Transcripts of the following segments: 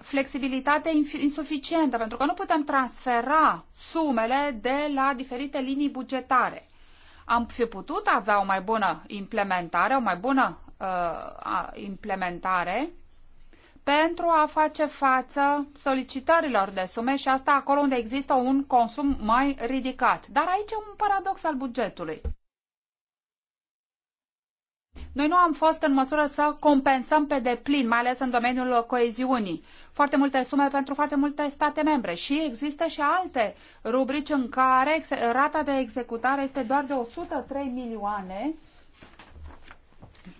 flexibilitate insuficientă, pentru că nu putem transfera sumele de la diferite linii bugetare. Am fi putut avea o mai bună implementare, o mai bună uh, implementare pentru a face față solicitărilor de sume și asta acolo unde există un consum mai ridicat. Dar aici e un paradox al bugetului. Noi nu am fost în măsură să compensăm pe deplin, mai ales în domeniul coeziunii, foarte multe sume pentru foarte multe state membre și există și alte rubrici în care rata de executare este doar de 103 milioane,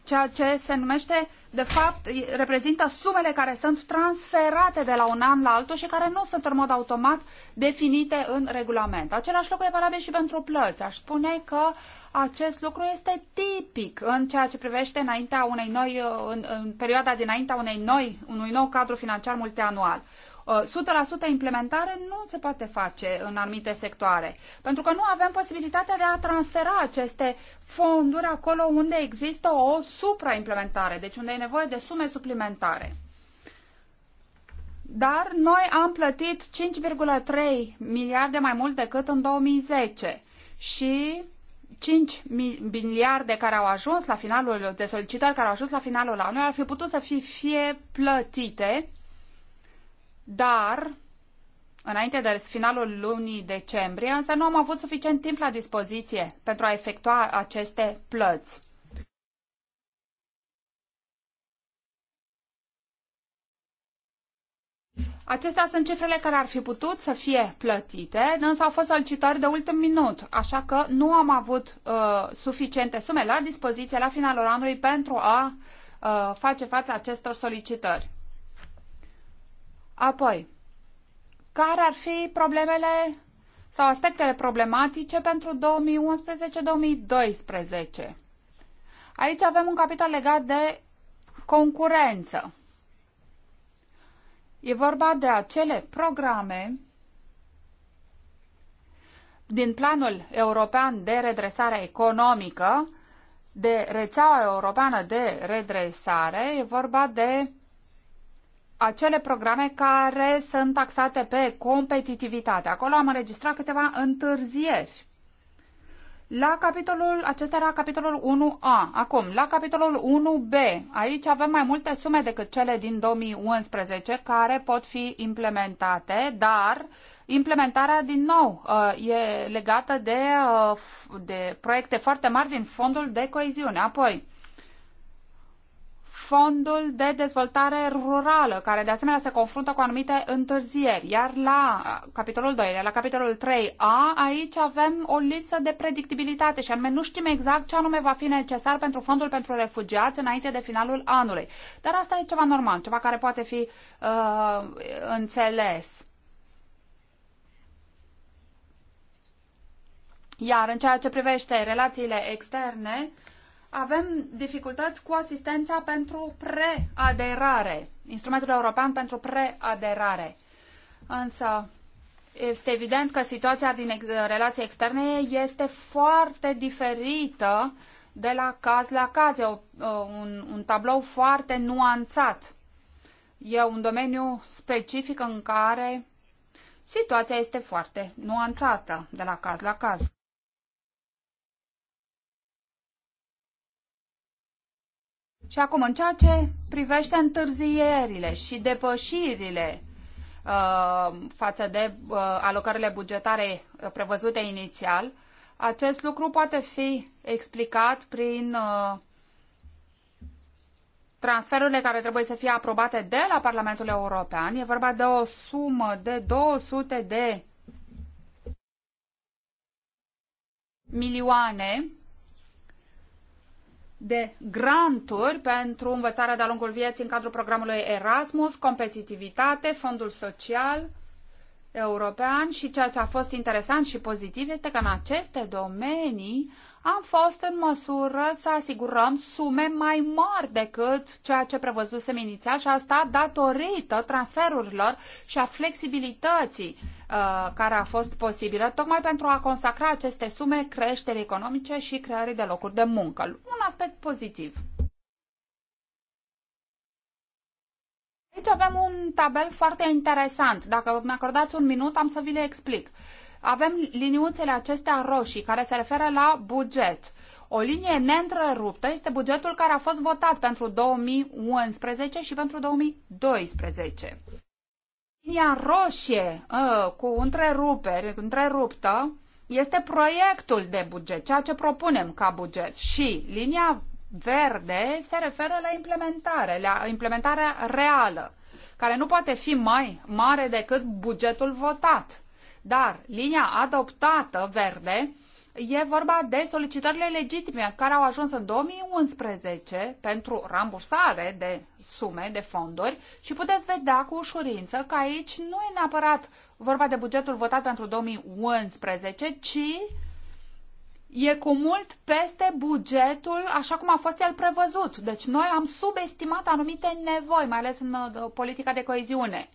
ceea ce se numește, de fapt, reprezintă sumele care sunt transferate de la un an la altul și care nu sunt în mod automat definite în regulament. Același lucru e valabil și pentru plăți. Aș spune că uh, acest lucru este tipic în ceea ce privește înaintea unei noi, uh, în, în perioada dinaintea unei noi, unui nou cadru financiar multianual. 100% uh, implementare nu se poate face în anumite sectoare, pentru că nu avem posibilitatea de a transfera aceste fonduri acolo unde există o supraimplementare, deci unde e nevoie de sume suplimentare. Dar noi am plătit 5,3 miliarde mai mult decât în 2010 și 5 miliarde care au ajuns la finalul, de solicitări care au ajuns la finalul anului ar fi putut să fie, fie plătite, dar înainte de finalul lunii decembrie, însă nu am avut suficient timp la dispoziție pentru a efectua aceste plăți. Acestea sunt cifrele care ar fi putut să fie plătite, însă au fost solicitări de ultim minut, așa că nu am avut uh, suficiente sume la dispoziție la finalul anului pentru a uh, face față acestor solicitări. Apoi, care ar fi problemele sau aspectele problematice pentru 2011-2012? Aici avem un capitol legat de concurență. E vorba de acele programe din planul european de redresare economică, de rețeaua europeană de redresare, e vorba de acele programe care sunt taxate pe competitivitate. Acolo am înregistrat câteva întârzieri. La capitolul, acesta era capitolul 1A. Acum, la capitolul 1B, aici avem mai multe sume decât cele din 2011 care pot fi implementate, dar implementarea din nou uh, e legată de, uh, de proiecte foarte mari din fondul de coeziune. Apoi, fondul de dezvoltare rurală, care de asemenea se confruntă cu anumite întârzieri. Iar la uh, capitolul 2, la capitolul 3a, aici avem o lipsă de predictibilitate și anume nu știm exact ce anume va fi necesar pentru fondul pentru refugiați înainte de finalul anului. Dar asta e ceva normal, ceva care poate fi uh, înțeles. Iar în ceea ce privește relațiile externe, uh, avem dificultăți cu asistența pentru preaderare, instrumentul european pentru preaderare. Însă, este evident că situația din relații externe este foarte diferită de la caz la caz. E o, uh, un, un tablou foarte nuanțat. E un domeniu specific în care situația este foarte nuanțată de la caz la caz. Și acum, în ceea ce privește întârzierile și depășirile uh, față de uh, alocările bugetare uh, prevăzute inițial, acest lucru poate fi explicat prin uh, transferurile care trebuie să fie aprobate de la Parlamentul European. E vorba de o sumă de 200 de milioane de granturi pentru învățarea de-a lungul vieții în cadrul programului Erasmus, competitivitate, fondul social european și ceea ce a fost interesant și pozitiv este că în aceste domenii am fost în măsură să asigurăm sume mai mari decât ceea ce prevăzusem inițial și asta datorită transferurilor și a flexibilității uh, care a fost posibilă, tocmai pentru a consacra aceste sume creșterii economice și creării de locuri de muncă. Un aspect pozitiv. Aici avem un tabel foarte interesant. Dacă mi acordați un minut, am să vi le explic avem liniuțele acestea roșii care se referă la buget. O linie neîntreruptă este bugetul care a fost votat pentru 2011 și pentru 2012. Linia roșie ă, cu întreruperi, întreruptă, este proiectul de buget, ceea ce propunem ca buget. Și linia verde se referă la implementare, la implementarea reală, care nu poate fi mai mare decât bugetul votat. Dar linia adoptată verde e vorba de solicitările legitime care au ajuns în 2011 pentru rambursare de sume, de fonduri și puteți vedea cu ușurință că aici nu e neapărat vorba de bugetul votat pentru 2011, ci e cu mult peste bugetul așa cum a fost el prevăzut. Deci noi am subestimat anumite nevoi, mai ales în uh, politica de coeziune.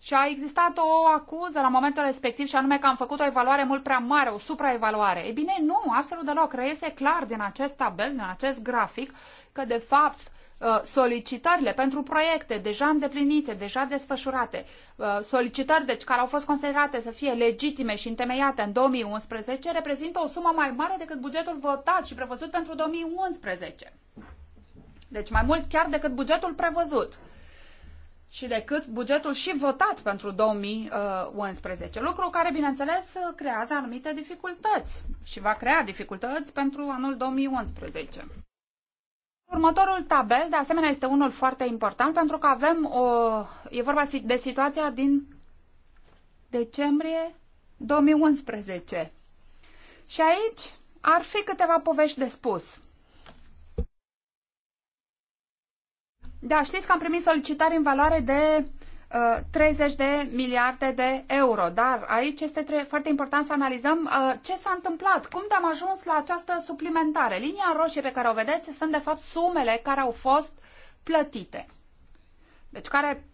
Și a existat o acuză la momentul respectiv și anume că am făcut o evaluare mult prea mare, o supraevaluare. E bine, nu, absolut deloc. Reiese clar din acest tabel, din acest grafic, că de fapt uh, solicitările pentru proiecte deja îndeplinite, deja desfășurate, uh, solicitări deci care au fost considerate să fie legitime și întemeiate în 2011, reprezintă o sumă mai mare decât bugetul votat și prevăzut pentru 2011. Deci mai mult chiar decât bugetul prevăzut și decât bugetul și votat pentru 2011. Uh, Lucru care, bineînțeles, creează anumite dificultăți și va crea dificultăți pentru anul 2011. Următorul tabel, de asemenea, este unul foarte important pentru că avem o... e vorba de situația din decembrie 2011. Și aici ar fi câteva povești de spus. Da, știți că am primit solicitări în valoare de 30 uh, de miliarde de euro. Dar aici este foarte important să analizăm uh, ce s-a întâmplat, cum am ajuns la această suplimentare. Linia roșie pe care o vedeți sunt de fapt sumele care au fost plătite. Deci care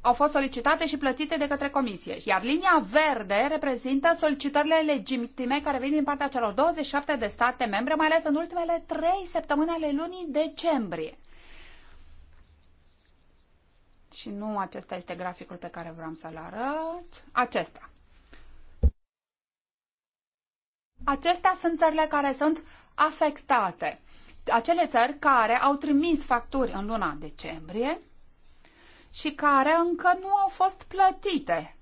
au fost solicitate și plătite de către comisie. Iar linia verde reprezintă solicitările legitime care vin din partea celor 27 de state membre, mai ales în ultimele 3 săptămâni ale lunii decembrie și nu acesta este graficul pe care vreau să-l arăt, acesta. Acestea sunt țările care sunt afectate. Acele țări care au trimis facturi în luna decembrie și care încă nu au fost plătite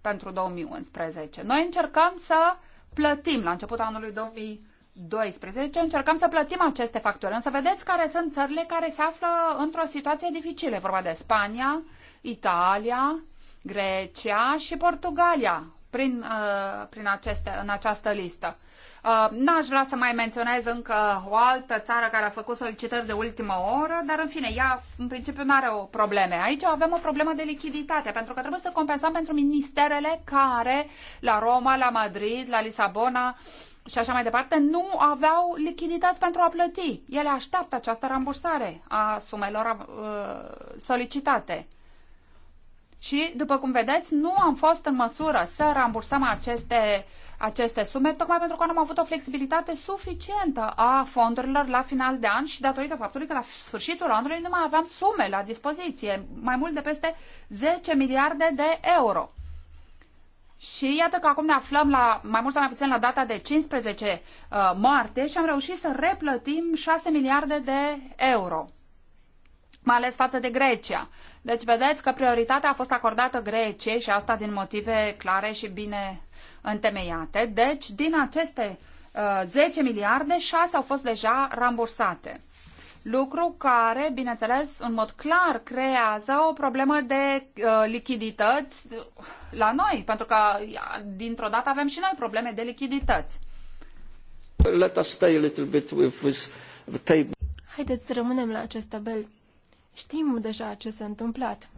pentru 2011. Noi încercăm să plătim la începutul anului 2011 2012 încercăm să plătim aceste facturi, însă vedeți care sunt țările care se află într-o situație dificilă. E vorba de Spania, Italia, Grecia și Portugalia prin, uh, prin aceste, în această listă. Uh, n-aș vrea să mai menționez încă o altă țară care a făcut solicitări de ultimă oră, dar în fine, ea în principiu nu are o probleme. Aici avem o problemă de lichiditate, pentru că trebuie să compensăm pentru ministerele care la Roma, la Madrid, la Lisabona, și așa mai departe, nu aveau lichidități pentru a plăti. Ele așteaptă această rambursare a sumelor uh, solicitate. Și, după cum vedeți, nu am fost în măsură să rambursăm aceste, aceste sume, tocmai pentru că nu am avut o flexibilitate suficientă a fondurilor la final de an și datorită faptului că la sfârșitul anului nu mai aveam sume la dispoziție, mai mult de peste 10 miliarde de euro. Și iată că acum ne aflăm la mai mult sau mai puțin la data de 15 uh, martie și am reușit să replătim 6 miliarde de euro, mai ales față de Grecia. Deci vedeți că prioritatea a fost acordată Greciei și asta din motive clare și bine întemeiate. Deci din aceste uh, 10 miliarde, 6 au fost deja rambursate lucru care, bineînțeles, în mod clar creează o problemă de uh, lichidități la noi, pentru că dintr-o dată avem și noi probleme de lichidități. Let us stay a little bit with this table. Haideți să rămânem la acest tabel. Știm deja ce s-a întâmplat.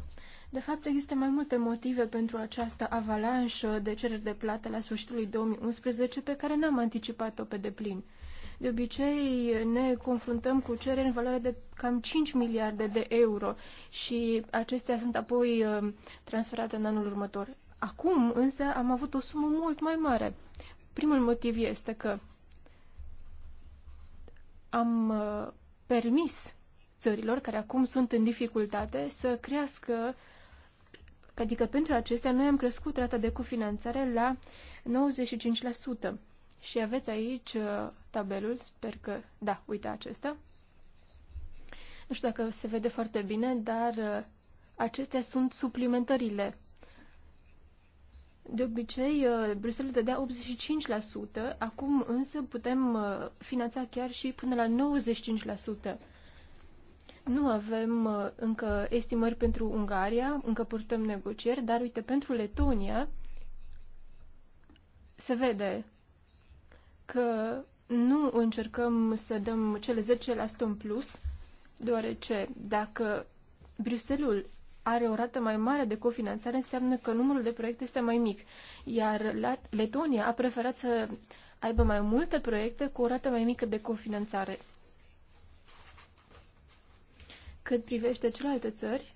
De fapt, există mai multe motive pentru această avalanșă de cereri de plată la sfârșitul lui 2011 pe care n-am anticipat-o pe deplin. De obicei ne confruntăm cu cereri în valoare de cam 5 miliarde de euro și acestea sunt apoi uh, transferate în anul următor. Acum însă am avut o sumă mult mai mare. Primul motiv este că am uh, permis țărilor care acum sunt în dificultate să crească, adică pentru acestea noi am crescut rata de cofinanțare la 95%. Și aveți aici uh, tabelul, sper că, da, uite acesta. Nu știu dacă se vede foarte bine, dar uh, acestea sunt suplimentările. De obicei, uh, Bruxelles dădea 85%, acum însă putem finanța chiar și până la 95%. Nu avem încă estimări pentru Ungaria, încă purtăm negocieri, dar uite, pentru Letonia se vede că nu încercăm să dăm cele 10% în plus, deoarece dacă Bruselul are o rată mai mare de cofinanțare, înseamnă că numărul de proiecte este mai mic. Iar Letonia a preferat să aibă mai multe proiecte cu o rată mai mică de cofinanțare. Cât privește celelalte țări,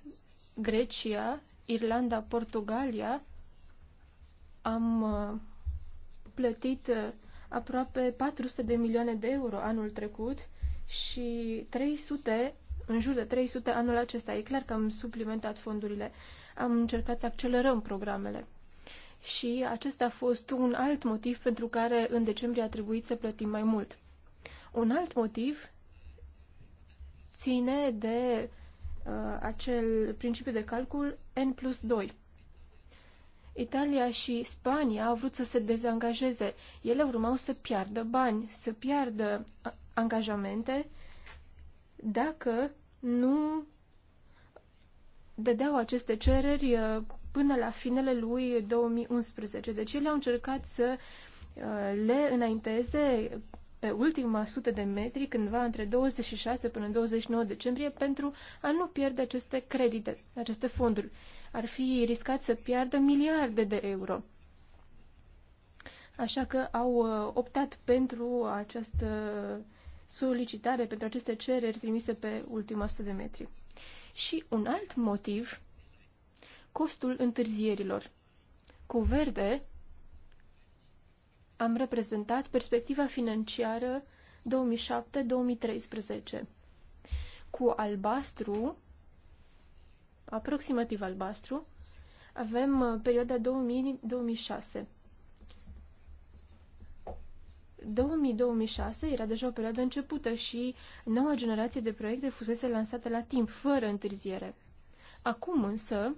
Grecia, Irlanda, Portugalia, am uh, plătit uh, aproape 400 de milioane de euro anul trecut și 300, în jur de 300 anul acesta. E clar că am suplimentat fondurile, am încercat să accelerăm programele. Și acesta a fost un alt motiv pentru care în decembrie a trebuit să plătim mai mult. Un alt motiv ține de uh, acel principiu de calcul N plus 2. Italia și Spania au vrut să se dezangajeze. Ele urmau să piardă bani, să piardă angajamente dacă nu dădeau aceste cereri uh, până la finele lui 2011. Deci ele au încercat să uh, le înainteze pe ultima sută de metri, cândva între 26 până 29 decembrie, pentru a nu pierde aceste credite, aceste fonduri. Ar fi riscat să piardă miliarde de euro. Așa că au uh, optat pentru această solicitare, pentru aceste cereri trimise pe ultima sută de metri. Și un alt motiv, costul întârzierilor. Cu verde, am reprezentat perspectiva financiară 2007-2013. Cu albastru, aproximativ albastru, avem uh, perioada 2000-2006. 2006 era deja o perioadă începută și noua generație de proiecte fusese lansată la timp, fără întârziere. Acum însă,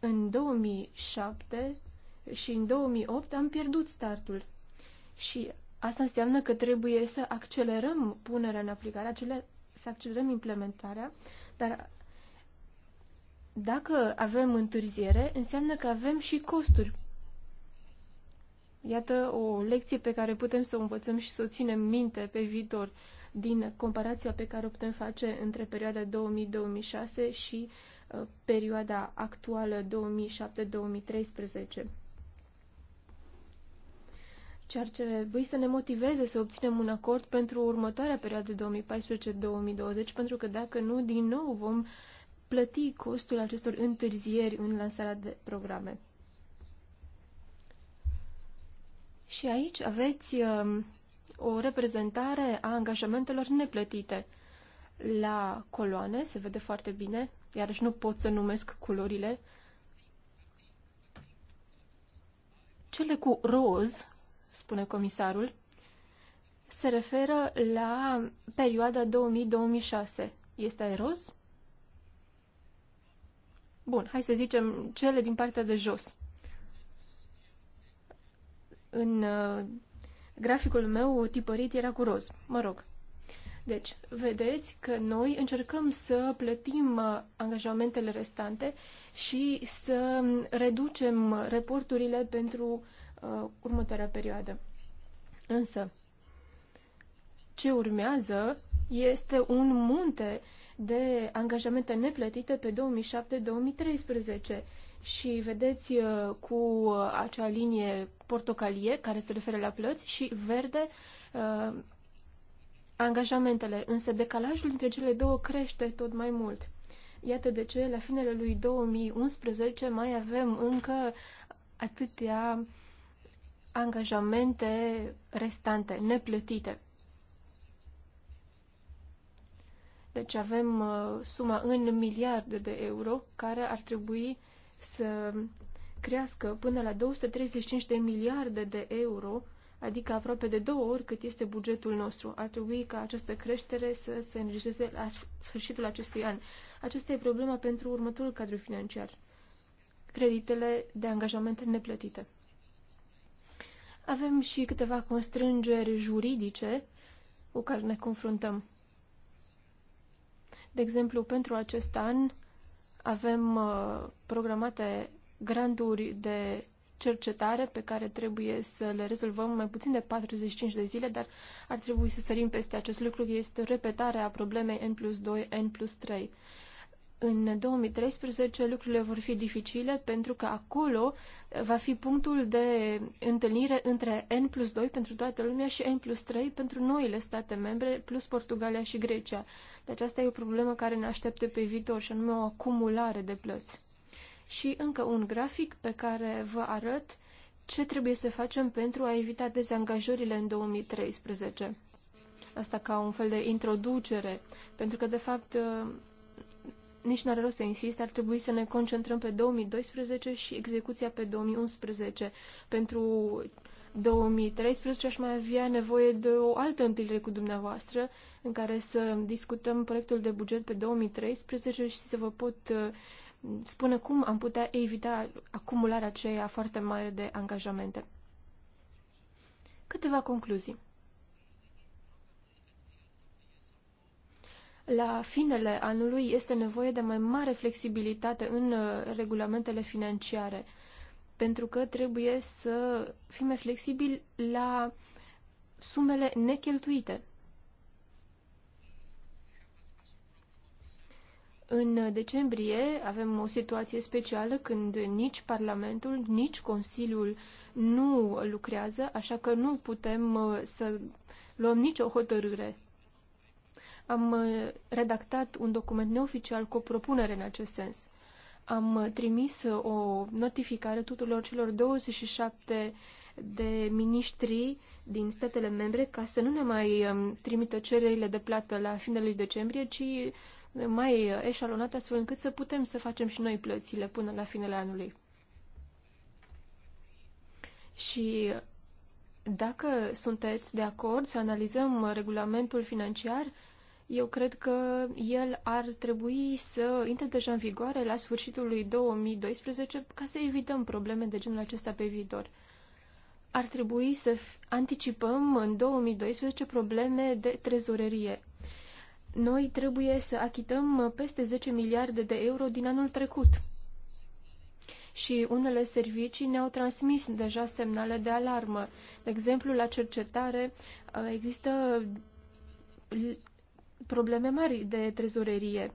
în 2007, și în 2008 am pierdut startul. Și asta înseamnă că trebuie să accelerăm punerea în aplicare, să accelerăm implementarea, dar dacă avem întârziere, înseamnă că avem și costuri. Iată o lecție pe care putem să o învățăm și să o ținem minte pe viitor din comparația pe care o putem face între perioada 2000-2006 și uh, perioada actuală 2007-2013 ceea ar trebui să ne motiveze să obținem un acord pentru următoarea perioadă 2014-2020, pentru că dacă nu, din nou vom plăti costul acestor întârzieri în lansarea de programe. Și aici aveți um, o reprezentare a angajamentelor neplătite. La coloane se vede foarte bine, iarăși nu pot să numesc culorile. Cele cu roz spune comisarul, se referă la perioada 2000-2006. Este eros? Bun, hai să zicem cele din partea de jos. În uh, graficul meu tipărit era cu roz, mă rog. Deci, vedeți că noi încercăm să plătim uh, angajamentele restante și să mm, reducem uh, reporturile pentru uh, uh, următoarea perioadă. Însă, ce urmează este un munte de angajamente neplătite pe 2007-2013 și vedeți uh, cu acea linie portocalie care se referă la plăți și verde uh, angajamentele, însă decalajul dintre cele două crește tot mai mult. Iată de ce la finele lui 2011 mai avem încă atâtea angajamente restante, neplătite. Deci avem uh, suma în miliarde de euro care ar trebui să crească până la 235 de miliarde de euro, adică aproape de două ori cât este bugetul nostru. Ar trebui ca această creștere să se înregistreze la sfârșitul acestui an. Aceasta e problema pentru următorul cadru financiar. Creditele de angajamente neplătite avem și câteva constrângeri juridice cu care ne confruntăm. De exemplu, pentru acest an avem uh, programate granturi de cercetare pe care trebuie să le rezolvăm mai puțin de 45 de zile, dar ar trebui să sărim peste acest lucru. Este repetarea problemei N plus 2, N plus 3. În 2013 lucrurile vor fi dificile pentru că acolo eh, va fi punctul de întâlnire între N plus 2 pentru toată lumea și N plus 3 pentru noile state membre, plus Portugalia și Grecia. Deci asta e o problemă care ne așteaptă pe viitor și anume o acumulare de plăți. Și încă un grafic pe care vă arăt ce trebuie să facem pentru a evita dezangajările în 2013. Asta ca un fel de introducere, pentru că de fapt eh, nici n-are rost să insist, ar trebui să ne concentrăm pe 2012 și execuția pe 2011. Pentru 2013 aș mai avea nevoie de o altă întâlnire cu dumneavoastră în care să discutăm proiectul de buget pe 2013 și să vă pot uh, spune cum am putea evita acumularea aceea foarte mare de angajamente. Câteva concluzii. la finele anului este nevoie de mai mare flexibilitate în uh, regulamentele financiare, pentru că trebuie să fim mai flexibili la sumele necheltuite. În decembrie avem o situație specială când nici Parlamentul, nici Consiliul nu lucrează, așa că nu putem uh, să luăm nicio hotărâre am uh, redactat un document neoficial cu o propunere în acest sens. Am uh, trimis uh, o notificare tuturor celor 27 de miniștri din statele membre ca să nu ne mai um, trimită cererile de plată la finele decembrie, ci mai eșalonată astfel încât să putem să facem și noi plățile până la finele anului. Și dacă sunteți de acord să analizăm regulamentul financiar, eu cred că el ar trebui să intre deja în vigoare la sfârșitul lui 2012 ca să evităm probleme de genul acesta pe viitor. Ar trebui să anticipăm în 2012 probleme de trezorerie. Noi trebuie să achităm peste 10 miliarde de euro din anul trecut. Și unele servicii ne-au transmis deja semnale de alarmă. De exemplu, la cercetare uh, există probleme mari de trezorerie,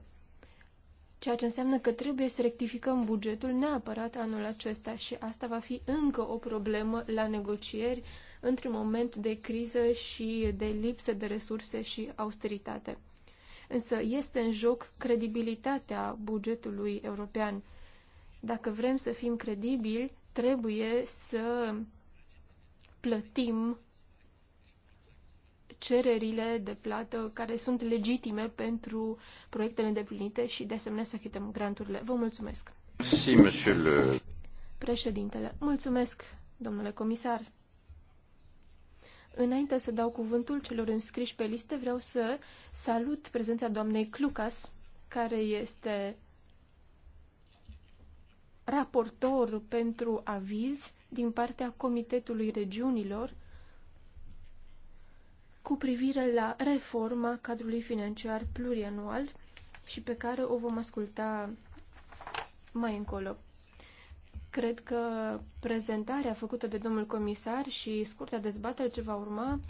ceea ce înseamnă că trebuie să rectificăm bugetul neapărat anul acesta și asta va fi încă o problemă la negocieri într-un moment de criză și de lipsă de resurse și austeritate. Însă este în joc credibilitatea bugetului european. Dacă vrem să fim credibili, trebuie să plătim cererile de plată care sunt legitime pentru proiectele îndeplinite și de asemenea să achităm granturile. Vă mulțumesc! Si, monsieur le... Președintele, mulțumesc, domnule comisar! Înainte să dau cuvântul celor înscriși pe listă, vreau să salut prezența doamnei Clucas, care este raportor pentru aviz din partea Comitetului Regiunilor cu privire la reforma cadrului financiar plurianual și pe care o vom asculta mai încolo. Cred că prezentarea făcută de domnul comisar și scurta dezbatere ce va urma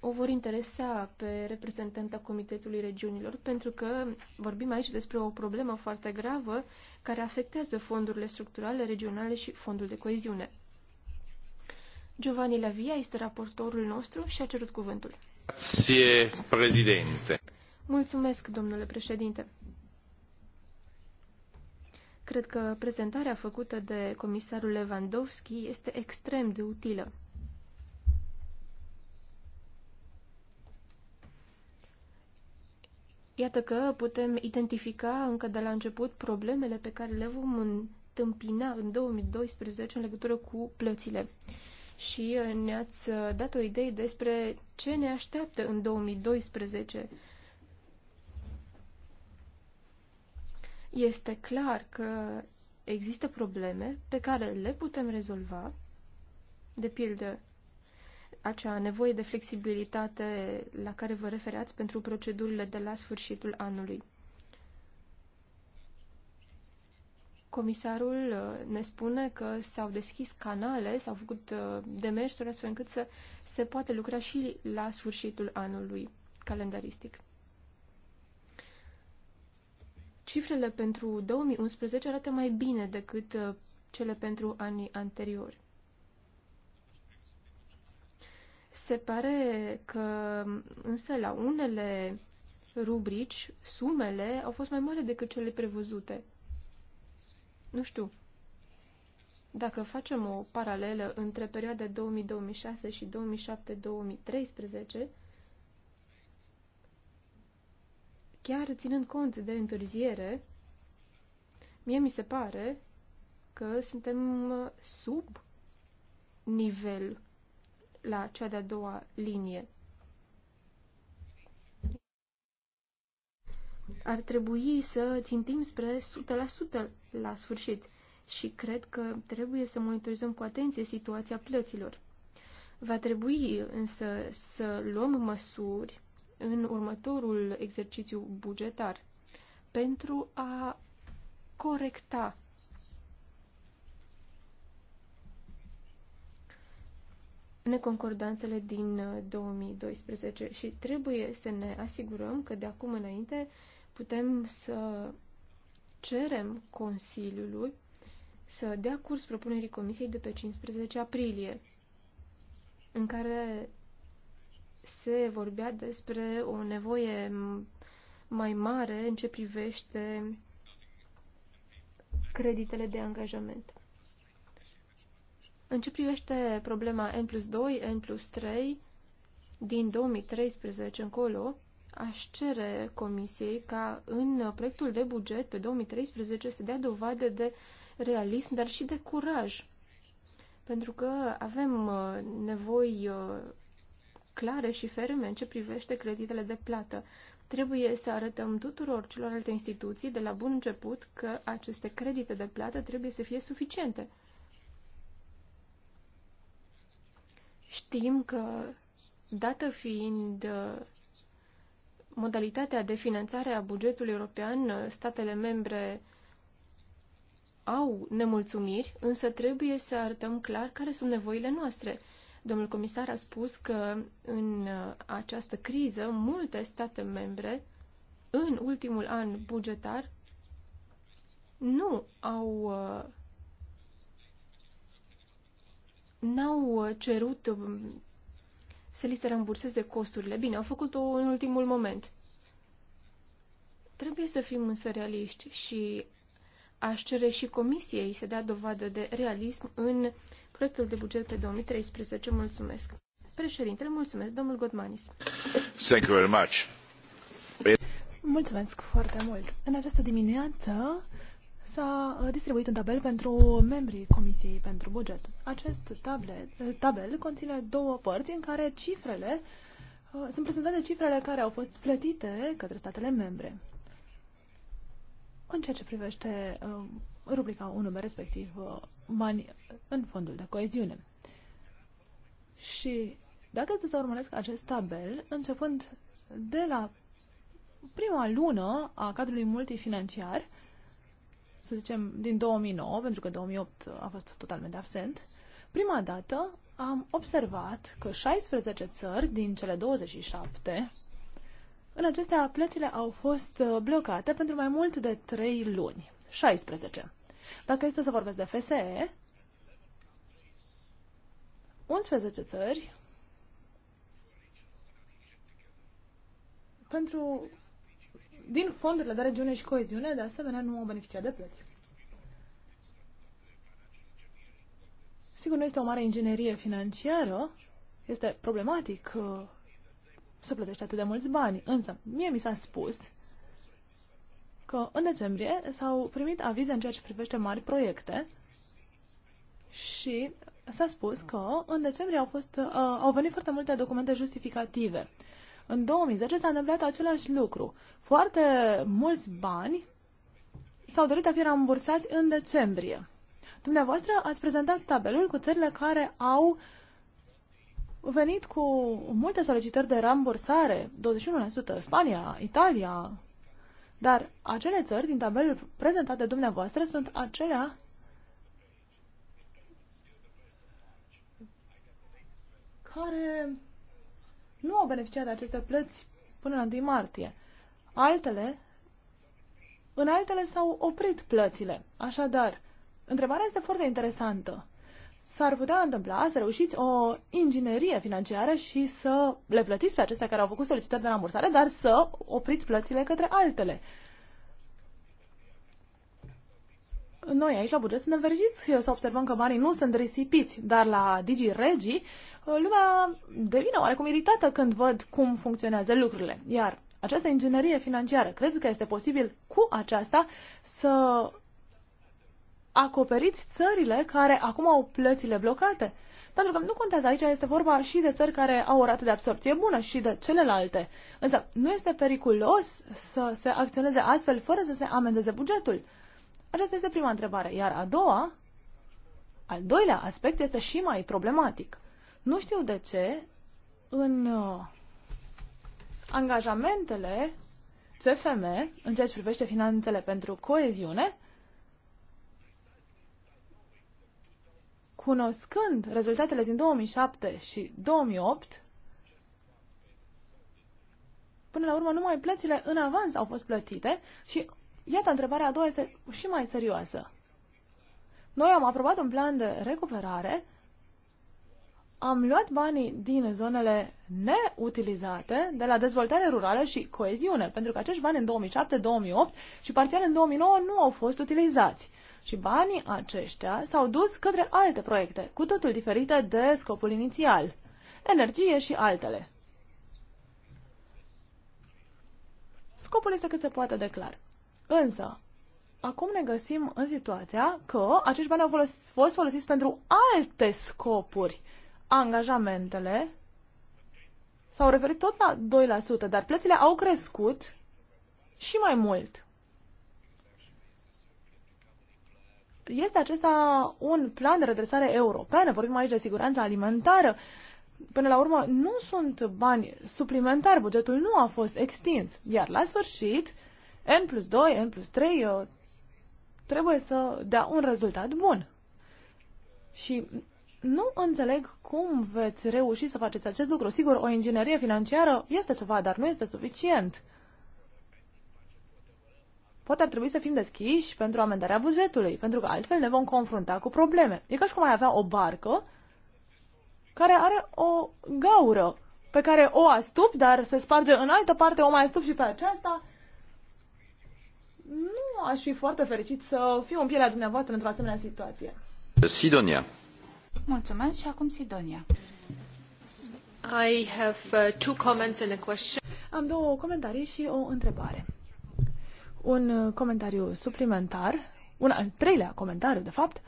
o vor interesa pe reprezentanta Comitetului Regiunilor, pentru că vorbim aici despre o problemă foarte gravă care afectează fondurile structurale regionale și fondul de coeziune. Giovanni Lavia este raportorul nostru și a cerut cuvântul. Grazie, președinte. Mulțumesc, domnule președinte. Cred că prezentarea făcută de comisarul Lewandowski este extrem de utilă. Iată că putem identifica încă de la început problemele pe care le vom întâmpina în 2012 în legătură cu plățile și uh, ne-ați uh, dat o idee despre ce ne așteaptă în 2012. Este clar că există probleme pe care le putem rezolva, de pildă acea nevoie de flexibilitate la care vă refereați pentru procedurile de la sfârșitul anului. Comisarul uh, ne spune că s-au deschis canale, s-au făcut uh, demersuri astfel încât să se poate lucra și la sfârșitul anului calendaristic. Cifrele pentru 2011 arată mai bine decât uh, cele pentru anii anteriori. Se pare că um, însă la unele rubrici sumele au fost mai mari decât cele prevăzute – nu știu. Dacă facem o paralelă între perioada 2006 și 2007-2013, chiar ținând cont de întârziere, mie mi se pare că suntem uh, sub nivel la cea de-a doua linie ar trebui să țintim spre 100% la sfârșit și cred că trebuie să monitorizăm cu atenție situația plăților. Va trebui însă să luăm măsuri în următorul exercițiu bugetar pentru a corecta neconcordanțele din 2012 uh, și trebuie să ne asigurăm că de acum înainte putem să cerem Consiliului să dea curs propunerii Comisiei de pe 15 aprilie, în care se vorbea despre o nevoie mai mare în ce privește creditele de angajament. În ce privește problema N plus 2, N plus 3, din 2013 încolo, aș cere Comisiei ca în proiectul de buget pe 2013 să dea dovadă de realism, dar și de curaj. Pentru că avem uh, nevoi uh, clare și ferme în ce privește creditele de plată. Trebuie să arătăm tuturor celorlalte instituții de la bun început că aceste credite de plată trebuie să fie suficiente. Știm că, dată fiind uh, modalitatea de finanțare a bugetului european, statele membre au nemulțumiri, însă trebuie să arătăm clar care sunt nevoile noastre. Domnul comisar a spus că în această criză multe state membre în ultimul an bugetar nu au uh, n-au cerut să li se ramburseze costurile. Bine, au făcut-o în ultimul moment. Trebuie să fim însă realiști și aș cere și comisiei să dea dovadă de realism în proiectul de buget pe 2013. Mulțumesc. Președintele, mulțumesc. Domnul Godmanis. Thank you very much. Mulțumesc foarte mult. În această dimineață s-a uh, distribuit un tabel pentru membrii Comisiei pentru Buget. Acest tablet, uh, tabel conține două părți în care cifrele uh, sunt prezentate cifrele care au fost plătite către statele membre. În ceea ce privește rubrica 1, respectiv bani în fondul de coeziune. Și dacă este să urmăresc acest tabel, începând de la prima lună a cadrului multifinanciar, să zicem, din 2009, pentru că 2008 a fost totalmente absent, prima dată am observat că 16 țări din cele 27, în acestea plățile au fost uh, blocate pentru mai mult de 3 luni. 16. Dacă este să vorbesc de FSE, 11 țări pentru din fondurile de regiune și coeziune, de asemenea, nu au beneficiat de plăți. Sigur, nu este o mare inginerie financiară, este problematic uh, să se plătește atât de mulți bani, însă mie mi s-a spus că în decembrie s-au primit avize în ceea ce privește mari proiecte și s-a spus că în decembrie au, fost, uh, au venit foarte multe documente justificative în 2010 s-a întâmplat același lucru. Foarte mulți bani s-au dorit a fi rambursați în decembrie. Dumneavoastră ați prezentat tabelul cu țările care au venit cu multe solicitări de rambursare, 21% Spania, Italia, dar acele țări din tabelul prezentat de dumneavoastră sunt acelea care nu au beneficiat de aceste plăți până la 1 martie. Altele, în altele s-au oprit plățile. Așadar, întrebarea este foarte interesantă. S-ar putea întâmpla să reușiți o inginerie financiară și să le plătiți pe acestea care au făcut solicitări de rambursare, dar să opriți plățile către altele. noi aici la buget suntem verziți să observăm că banii nu sunt risipiți, dar la Digi Regii uh, lumea devine oarecum iritată când văd cum funcționează lucrurile. Iar această inginerie financiară, cred că este posibil cu aceasta să acoperiți țările care acum au plățile blocate? Pentru că nu contează, aici este vorba și de țări care au o rată de absorpție bună și de celelalte. Însă nu este periculos să se acționeze astfel fără să se amendeze bugetul. Aceasta este prima întrebare. Iar a doua, al doilea aspect este și mai problematic. Nu știu de ce în uh, angajamentele CFM, în ceea ce privește finanțele pentru coeziune, cunoscând rezultatele din 2007 și 2008, până la urmă numai plățile în avans au fost plătite și Iată, întrebarea a doua este și mai serioasă. Noi am aprobat un plan de recuperare, am luat banii din zonele neutilizate de la dezvoltare rurală și coeziune, pentru că acești bani în 2007-2008 și parțial în 2009 nu au fost utilizați. Și banii aceștia s-au dus către alte proiecte, cu totul diferite de scopul inițial, energie și altele. Scopul este cât se poate de clar. Însă, acum ne găsim în situația că acești bani au fost folosiți pentru alte scopuri. Angajamentele s-au referit tot la 2%, dar plățile au crescut și mai mult. Este acesta un plan de redresare europeană? Vorbim aici de siguranță alimentară. Până la urmă, nu sunt bani suplimentari, bugetul nu a fost extins, iar la sfârșit N plus 2, N plus 3 trebuie să dea un rezultat bun. Și nu înțeleg cum veți reuși să faceți acest lucru. Sigur, o inginerie financiară este ceva, dar nu este suficient. Poate ar trebui să fim deschiși pentru amendarea bugetului, pentru că altfel ne vom confrunta cu probleme. E ca și cum ai avea o barcă care are o gaură pe care o astup, dar se sparge în altă parte, o mai astup și pe aceasta nu aș fi foarte fericit să fiu în pielea dumneavoastră într-o asemenea situație. Sidonia. Mulțumesc și acum Sidonia. I have uh, two comments and a question. Am două comentarii și o întrebare. Un uh, comentariu suplimentar, un al treilea comentariu, de fapt,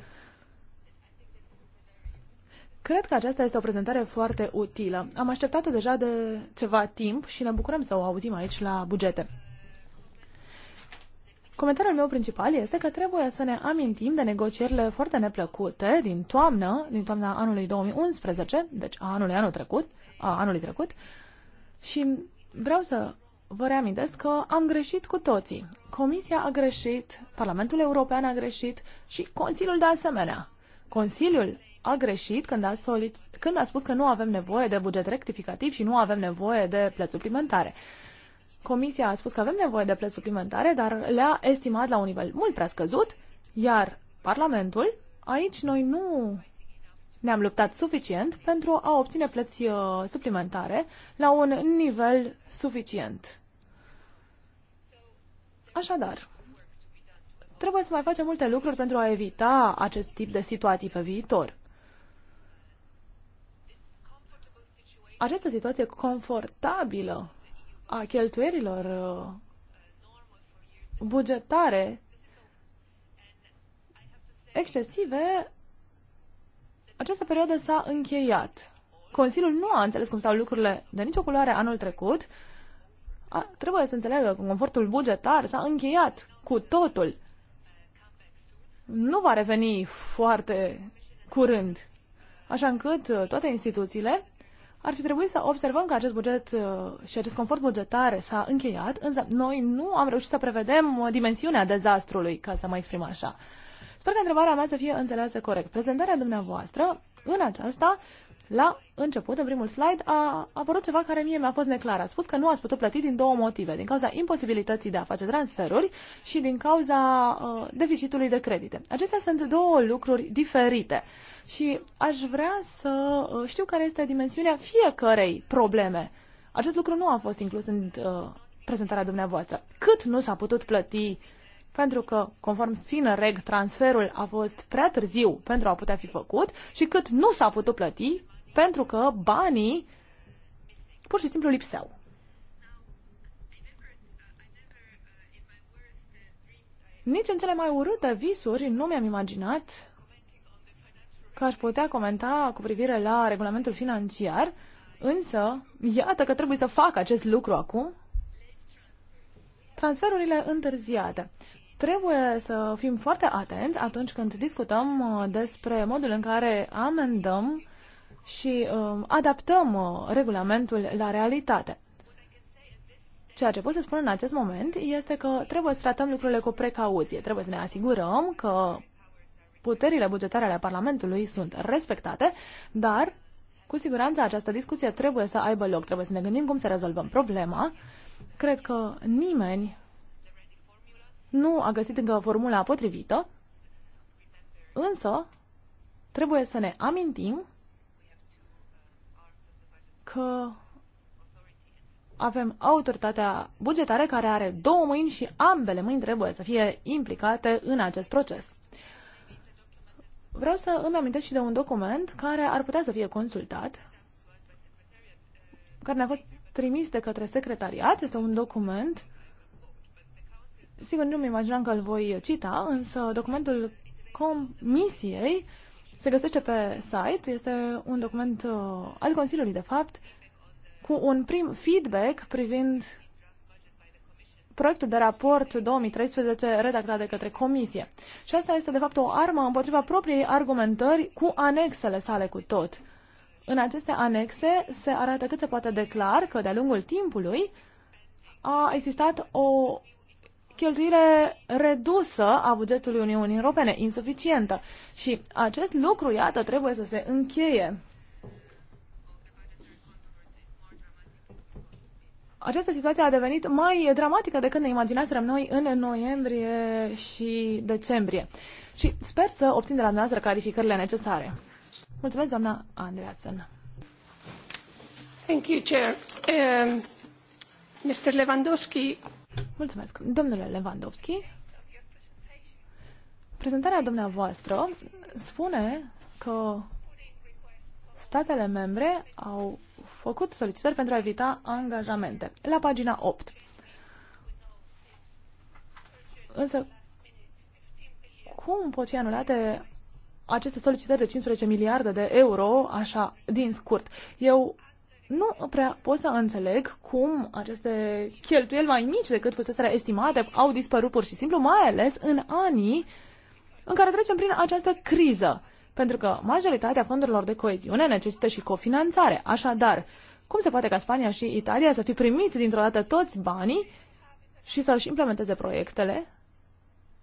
Cred că aceasta este o prezentare foarte utilă. Am așteptat-o deja de ceva timp și ne bucurăm să o auzim aici la bugete. Comentariul meu principal este că trebuie să ne amintim de negocierile foarte neplăcute din toamnă, din toamna anului 2011, deci a anului anul trecut, a anului trecut, și vreau să vă reamintesc că am greșit cu toții. Comisia a greșit, Parlamentul European a greșit și Consiliul de asemenea. Consiliul a greșit când a, solic- când a spus că nu avem nevoie de buget rectificativ și nu avem nevoie de plăți suplimentare. Comisia a spus că avem nevoie de plăți suplimentare, dar le-a estimat la un nivel mult prea scăzut, iar Parlamentul, aici noi nu ne-am luptat suficient pentru a obține plăți uh, suplimentare la un nivel suficient. Așadar, trebuie să mai facem multe lucruri pentru a evita acest tip de situații pe viitor. Această situație confortabilă a cheltuierilor uh, bugetare excesive, această perioadă s-a încheiat. Consiliul nu a înțeles cum stau lucrurile de nicio culoare anul trecut. A, trebuie să înțeleagă că confortul bugetar s-a încheiat cu totul. Nu va reveni foarte curând. Așa încât uh, toate instituțiile ar fi trebuit să observăm că acest buget uh, și acest confort bugetar s-a încheiat, însă noi nu am reușit să prevedem uh, dimensiunea dezastrului, ca să mă exprim așa. Sper că întrebarea mea să fie înțeleasă corect. Prezentarea dumneavoastră, în aceasta, la început, în primul slide, a apărut ceva care mie mi-a fost neclar. A spus că nu ați putut plăti din două motive. Din cauza imposibilității de a face transferuri și din cauza uh, deficitului de credite. Acestea sunt două lucruri diferite. Și aș vrea să uh, știu care este dimensiunea fiecarei probleme. Acest lucru nu a fost inclus în uh, prezentarea dumneavoastră. Cât nu s-a putut plăti pentru că, conform reg transferul a fost prea târziu pentru a putea fi făcut și cât nu s-a putut plăti pentru că banii pur și simplu lipseau. Nici în cele mai urâte visuri nu mi-am imaginat că aș putea comenta cu privire la regulamentul financiar, însă iată că trebuie să fac acest lucru acum. Transferurile întârziate. Trebuie să fim foarte atenți atunci când discutăm uh, despre modul în care amendăm și uh, adaptăm uh, regulamentul la realitate. Ceea ce pot să spun în acest moment este că trebuie să tratăm lucrurile cu precauție. Trebuie să ne asigurăm că puterile bugetare ale Parlamentului sunt respectate, dar cu siguranță această discuție trebuie să aibă loc. Trebuie să ne gândim cum să rezolvăm problema. Cred că nimeni nu a găsit încă formula potrivită, însă trebuie să ne amintim că avem autoritatea bugetare care are două mâini și ambele mâini trebuie să fie implicate în acest proces. Vreau să îmi amintesc și de un document care ar putea să fie consultat, care ne-a fost trimis de către secretariat. Este un document, sigur nu-mi imaginam că îl voi cita, însă documentul Comisiei se găsește pe site, este un document uh, al Consiliului, de fapt, cu un prim feedback privind proiectul de raport 2013 redactat de către Comisie. Și asta este, de fapt, o armă împotriva propriei argumentări cu anexele sale cu tot. În aceste anexe se arată cât se poate declar că, de-a lungul timpului, a existat o cheltuire redusă a bugetului Uniunii Europene, insuficientă. Și acest lucru, iată, trebuie să se încheie. Această situație a devenit mai dramatică decât ne imaginaserăm noi în noiembrie și decembrie. Și sper să obțin de la dumneavoastră clarificările necesare. Mulțumesc, doamna Andreasen. Thank you, Chair. Um, Mr. Lewandowski Mulțumesc. Domnule Lewandowski, prezentarea dumneavoastră spune că statele membre au făcut solicitări pentru a evita angajamente. La pagina 8. Însă, cum pot fi anulate aceste solicitări de 15 miliarde de euro, așa, din scurt? Eu nu prea pot să înțeleg cum aceste cheltuieli mai mici decât fuseseră estimate au dispărut pur și simplu, mai ales în anii în care trecem prin această criză. Pentru că majoritatea fondurilor de coeziune necesită și cofinanțare. Așadar, cum se poate ca Spania și Italia să fi primit dintr-o dată toți banii și să-și implementeze proiectele?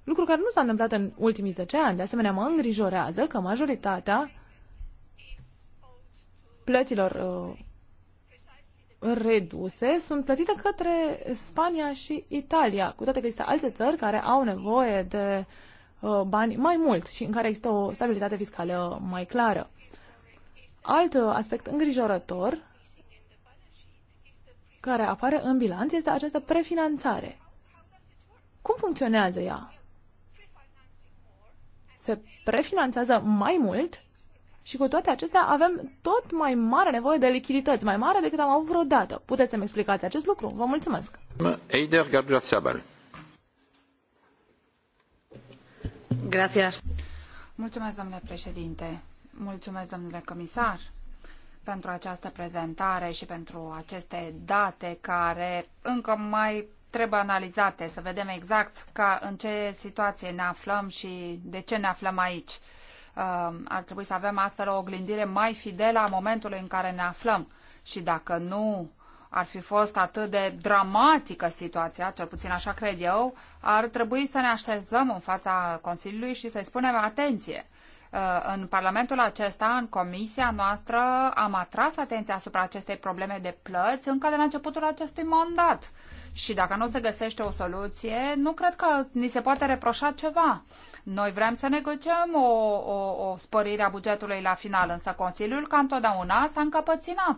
Lucru care nu s-a întâmplat în ultimii 10 ani. De asemenea, mă îngrijorează că majoritatea plăților uh, reduse sunt plătite către Spania și Italia, cu toate că există alte țări care au nevoie de uh, bani mai mult și în care există o stabilitate fiscală mai clară. Alt uh, aspect îngrijorător care apare în bilanț este această prefinanțare. Cum funcționează ea? Se prefinanțează mai mult și cu toate acestea avem tot mai mare nevoie de lichidități, mai mare decât am avut vreodată. Puteți să-mi explicați acest lucru? Vă mulțumesc! Eider Gardiazabal. Gracias. Mulțumesc, domnule președinte. Mulțumesc, domnule comisar, pentru această prezentare și pentru aceste date care încă mai trebuie analizate, să vedem exact ca în ce situație ne aflăm și de ce ne aflăm aici. Um, ar trebui să avem astfel o oglindire mai fidelă a momentului în care ne aflăm. Și dacă nu ar fi fost atât de dramatică situația, cel puțin așa cred eu, ar trebui să ne așezăm în fața Consiliului și să-i spunem atenție. Uh, în Parlamentul acesta, în comisia noastră, am atras atenția asupra acestei probleme de plăți încă de la începutul acestui mandat și dacă nu se găsește o soluție, nu cred că ni se poate reproșa ceva. Noi vrem să negociem o, o, o spărire a bugetului la final, însă Consiliul, ca întotdeauna, s-a încăpăținat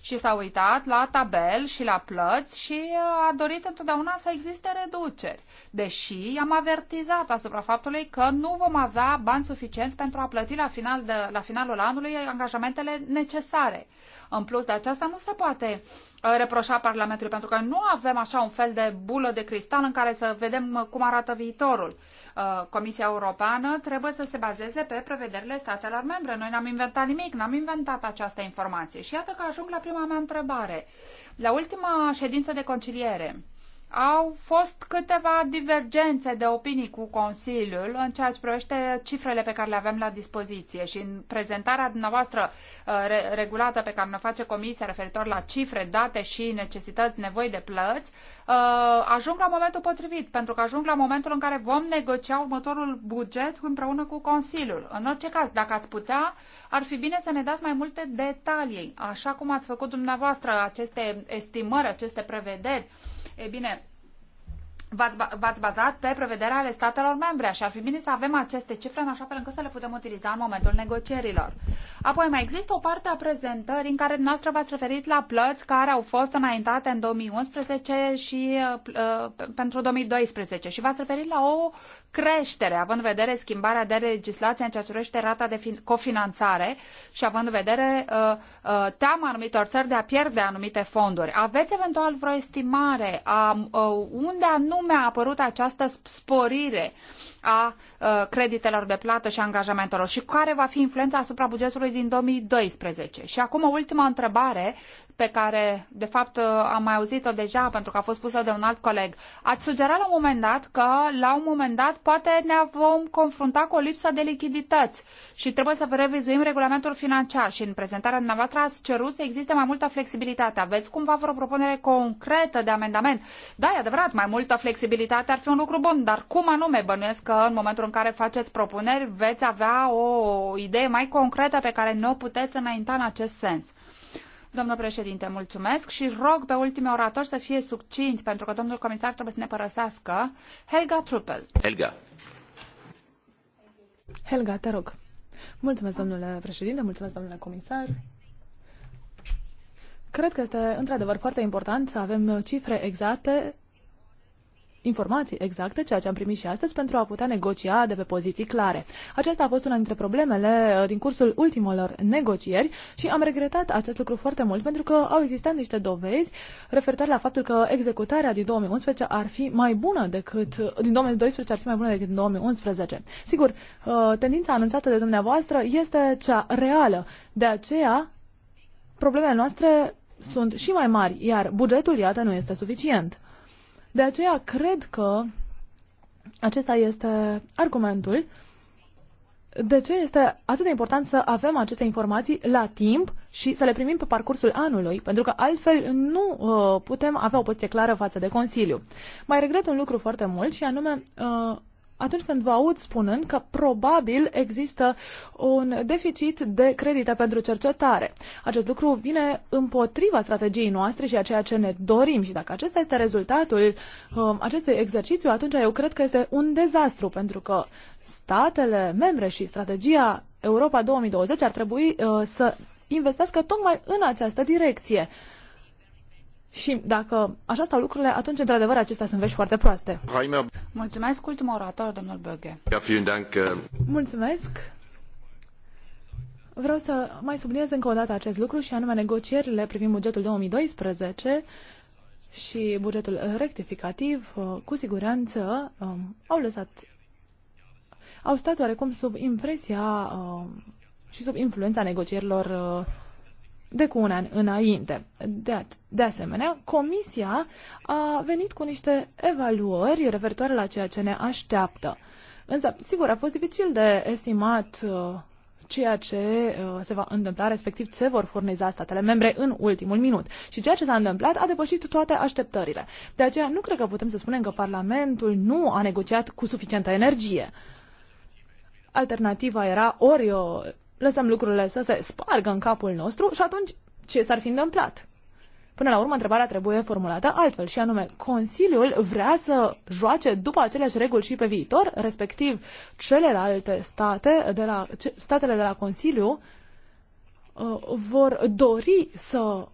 și s-a uitat la tabel și la plăți și a dorit întotdeauna să existe reduceri. Deși am avertizat asupra faptului că nu vom avea bani suficienți pentru a plăti la, final de, la finalul anului angajamentele necesare. În plus de aceasta nu se poate Uh, reproșa Parlamentului, pentru că nu avem așa un fel de bulă de cristal în care să vedem uh, cum arată viitorul. Uh, Comisia Europeană trebuie să se bazeze pe prevederile statelor membre. Noi n-am inventat nimic, n-am inventat această informație. Și iată că ajung la prima mea întrebare. La ultima ședință de conciliere, au fost câteva divergențe de opinii cu Consiliul în ceea ce privește cifrele pe care le avem la dispoziție și în prezentarea dumneavoastră uh, regulată pe care ne face Comisia referitor la cifre, date și necesități, nevoi de plăți, uh, ajung la momentul potrivit, pentru că ajung la momentul în care vom negocia următorul buget împreună cu Consiliul. În orice caz, dacă ați putea, ar fi bine să ne dați mai multe detalii, așa cum ați făcut dumneavoastră aceste estimări, aceste prevederi, E bine, v-ați bazat pe prevederea ale statelor membre și ar fi bine să avem aceste cifre în așa fel încât să le putem utiliza în momentul negocierilor. Apoi mai există o parte a prezentării în care dumneavoastră v-ați referit la plăți care au fost înaintate în 2011 și uh, pentru 2012 și v-ați referit la o creștere, având în vedere schimbarea de legislație în ceea ce privește rata de cofinanțare și având în vedere uh, uh, teama anumitor țări de a pierde anumite fonduri. Aveți eventual vreo estimare a uh, unde anume mi a apărut această sporire a uh, creditelor de plată și a angajamentelor și care va fi influența asupra bugetului din 2012. Și acum o ultimă întrebare pe care, de fapt, am mai auzit-o deja pentru că a fost pusă de un alt coleg. Ați sugerat la un moment dat că, la un moment dat, poate ne vom confrunta cu o lipsă de lichidități și trebuie să revizuim regulamentul financiar și în prezentarea dumneavoastră ați cerut să existe mai multă flexibilitate. Aveți cumva vreo propunere concretă de amendament? Da, e adevărat, mai multă flexibilitate ar fi un lucru bun, dar cum anume bănuiesc că în momentul în care faceți propuneri veți avea o idee mai concretă pe care nu o puteți înainta în acest sens. Domnul președinte, mulțumesc și rog pe ultimii oratori să fie succinți, pentru că domnul comisar trebuie să ne părăsească. Helga Truppel. Helga. Helga, te rog. Mulțumesc, domnule președinte, mulțumesc, domnule comisar. Cred că este într-adevăr foarte important să avem cifre exacte informații exacte, ceea ce am primit și astăzi, pentru a putea negocia de pe poziții clare. Aceasta a fost una dintre problemele uh, din cursul ultimelor negocieri și am regretat acest lucru foarte mult pentru că au existat niște dovezi referitoare la faptul că executarea din 2011 uh, ar fi mai bună decât din 2012 ar fi mai bună decât din 2011. Sigur, uh, tendința anunțată de dumneavoastră este cea reală. De aceea, problemele noastre sunt și mai mari, iar bugetul, iată, nu este suficient. De aceea cred că acesta este argumentul de ce este atât de important să avem aceste informații la timp și să le primim pe parcursul anului, pentru că altfel nu uh, putem avea o poziție clară față de Consiliu. Mai regret un lucru foarte mult și anume uh, atunci când vă aud spunând că probabil există un deficit de credite pentru cercetare. Acest lucru vine împotriva strategiei noastre și a ceea ce ne dorim și dacă acesta este rezultatul um, acestui exercițiu, atunci eu cred că este un dezastru pentru că statele membre și strategia Europa 2020 ar trebui uh, să investească tocmai în această direcție. Uh, și dacă așa stau lucrurile, atunci, într-adevăr, acestea sunt vești foarte proaste. Mulțumesc, ultimul orator, domnul Böge. Äh, Mulțumesc. Vreau să mai subliniez încă o dată acest lucru și anume negocierile privind bugetul 2012 și bugetul rectificativ, uh, cu siguranță, um, au lăsat au stat oarecum sub impresia um, și sub influența negocierilor uh, de cu un an înainte. De, de asemenea, Comisia a venit cu niște evaluări referitoare la ceea ce ne așteaptă. Însă, sigur, a fost dificil de estimat uh, ceea ce uh, se va întâmpla, respectiv ce vor furniza statele membre în ultimul minut. Și ceea ce s-a întâmplat a depășit toate așteptările. De aceea nu cred că putem să spunem că Parlamentul nu a negociat cu suficientă energie. Alternativa era ori uh, lăsăm lucrurile să se spargă în capul nostru și atunci ce s-ar fi întâmplat? Până la urmă, întrebarea trebuie formulată altfel și anume, Consiliul vrea să joace după aceleași reguli și pe viitor, respectiv celelalte state, de la, statele de la Consiliu, uh, vor dori să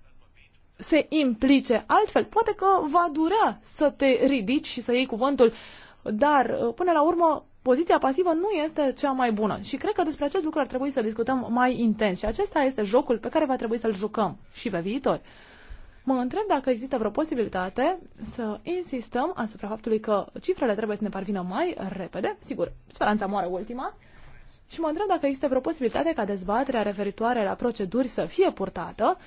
se implice altfel. Poate că va dura să te ridici și să iei cuvântul, dar uh, până la urmă poziția pasivă nu este cea mai bună. Și cred că despre acest lucru ar trebui să discutăm mai intens. Și acesta este jocul pe care va trebui să-l jucăm și pe viitor. Mă întreb dacă există vreo posibilitate să insistăm asupra faptului că cifrele trebuie să ne parvină mai repede. Sigur, speranța moare ultima. Și mă întreb dacă există vreo posibilitate ca dezbaterea referitoare la proceduri să fie purtată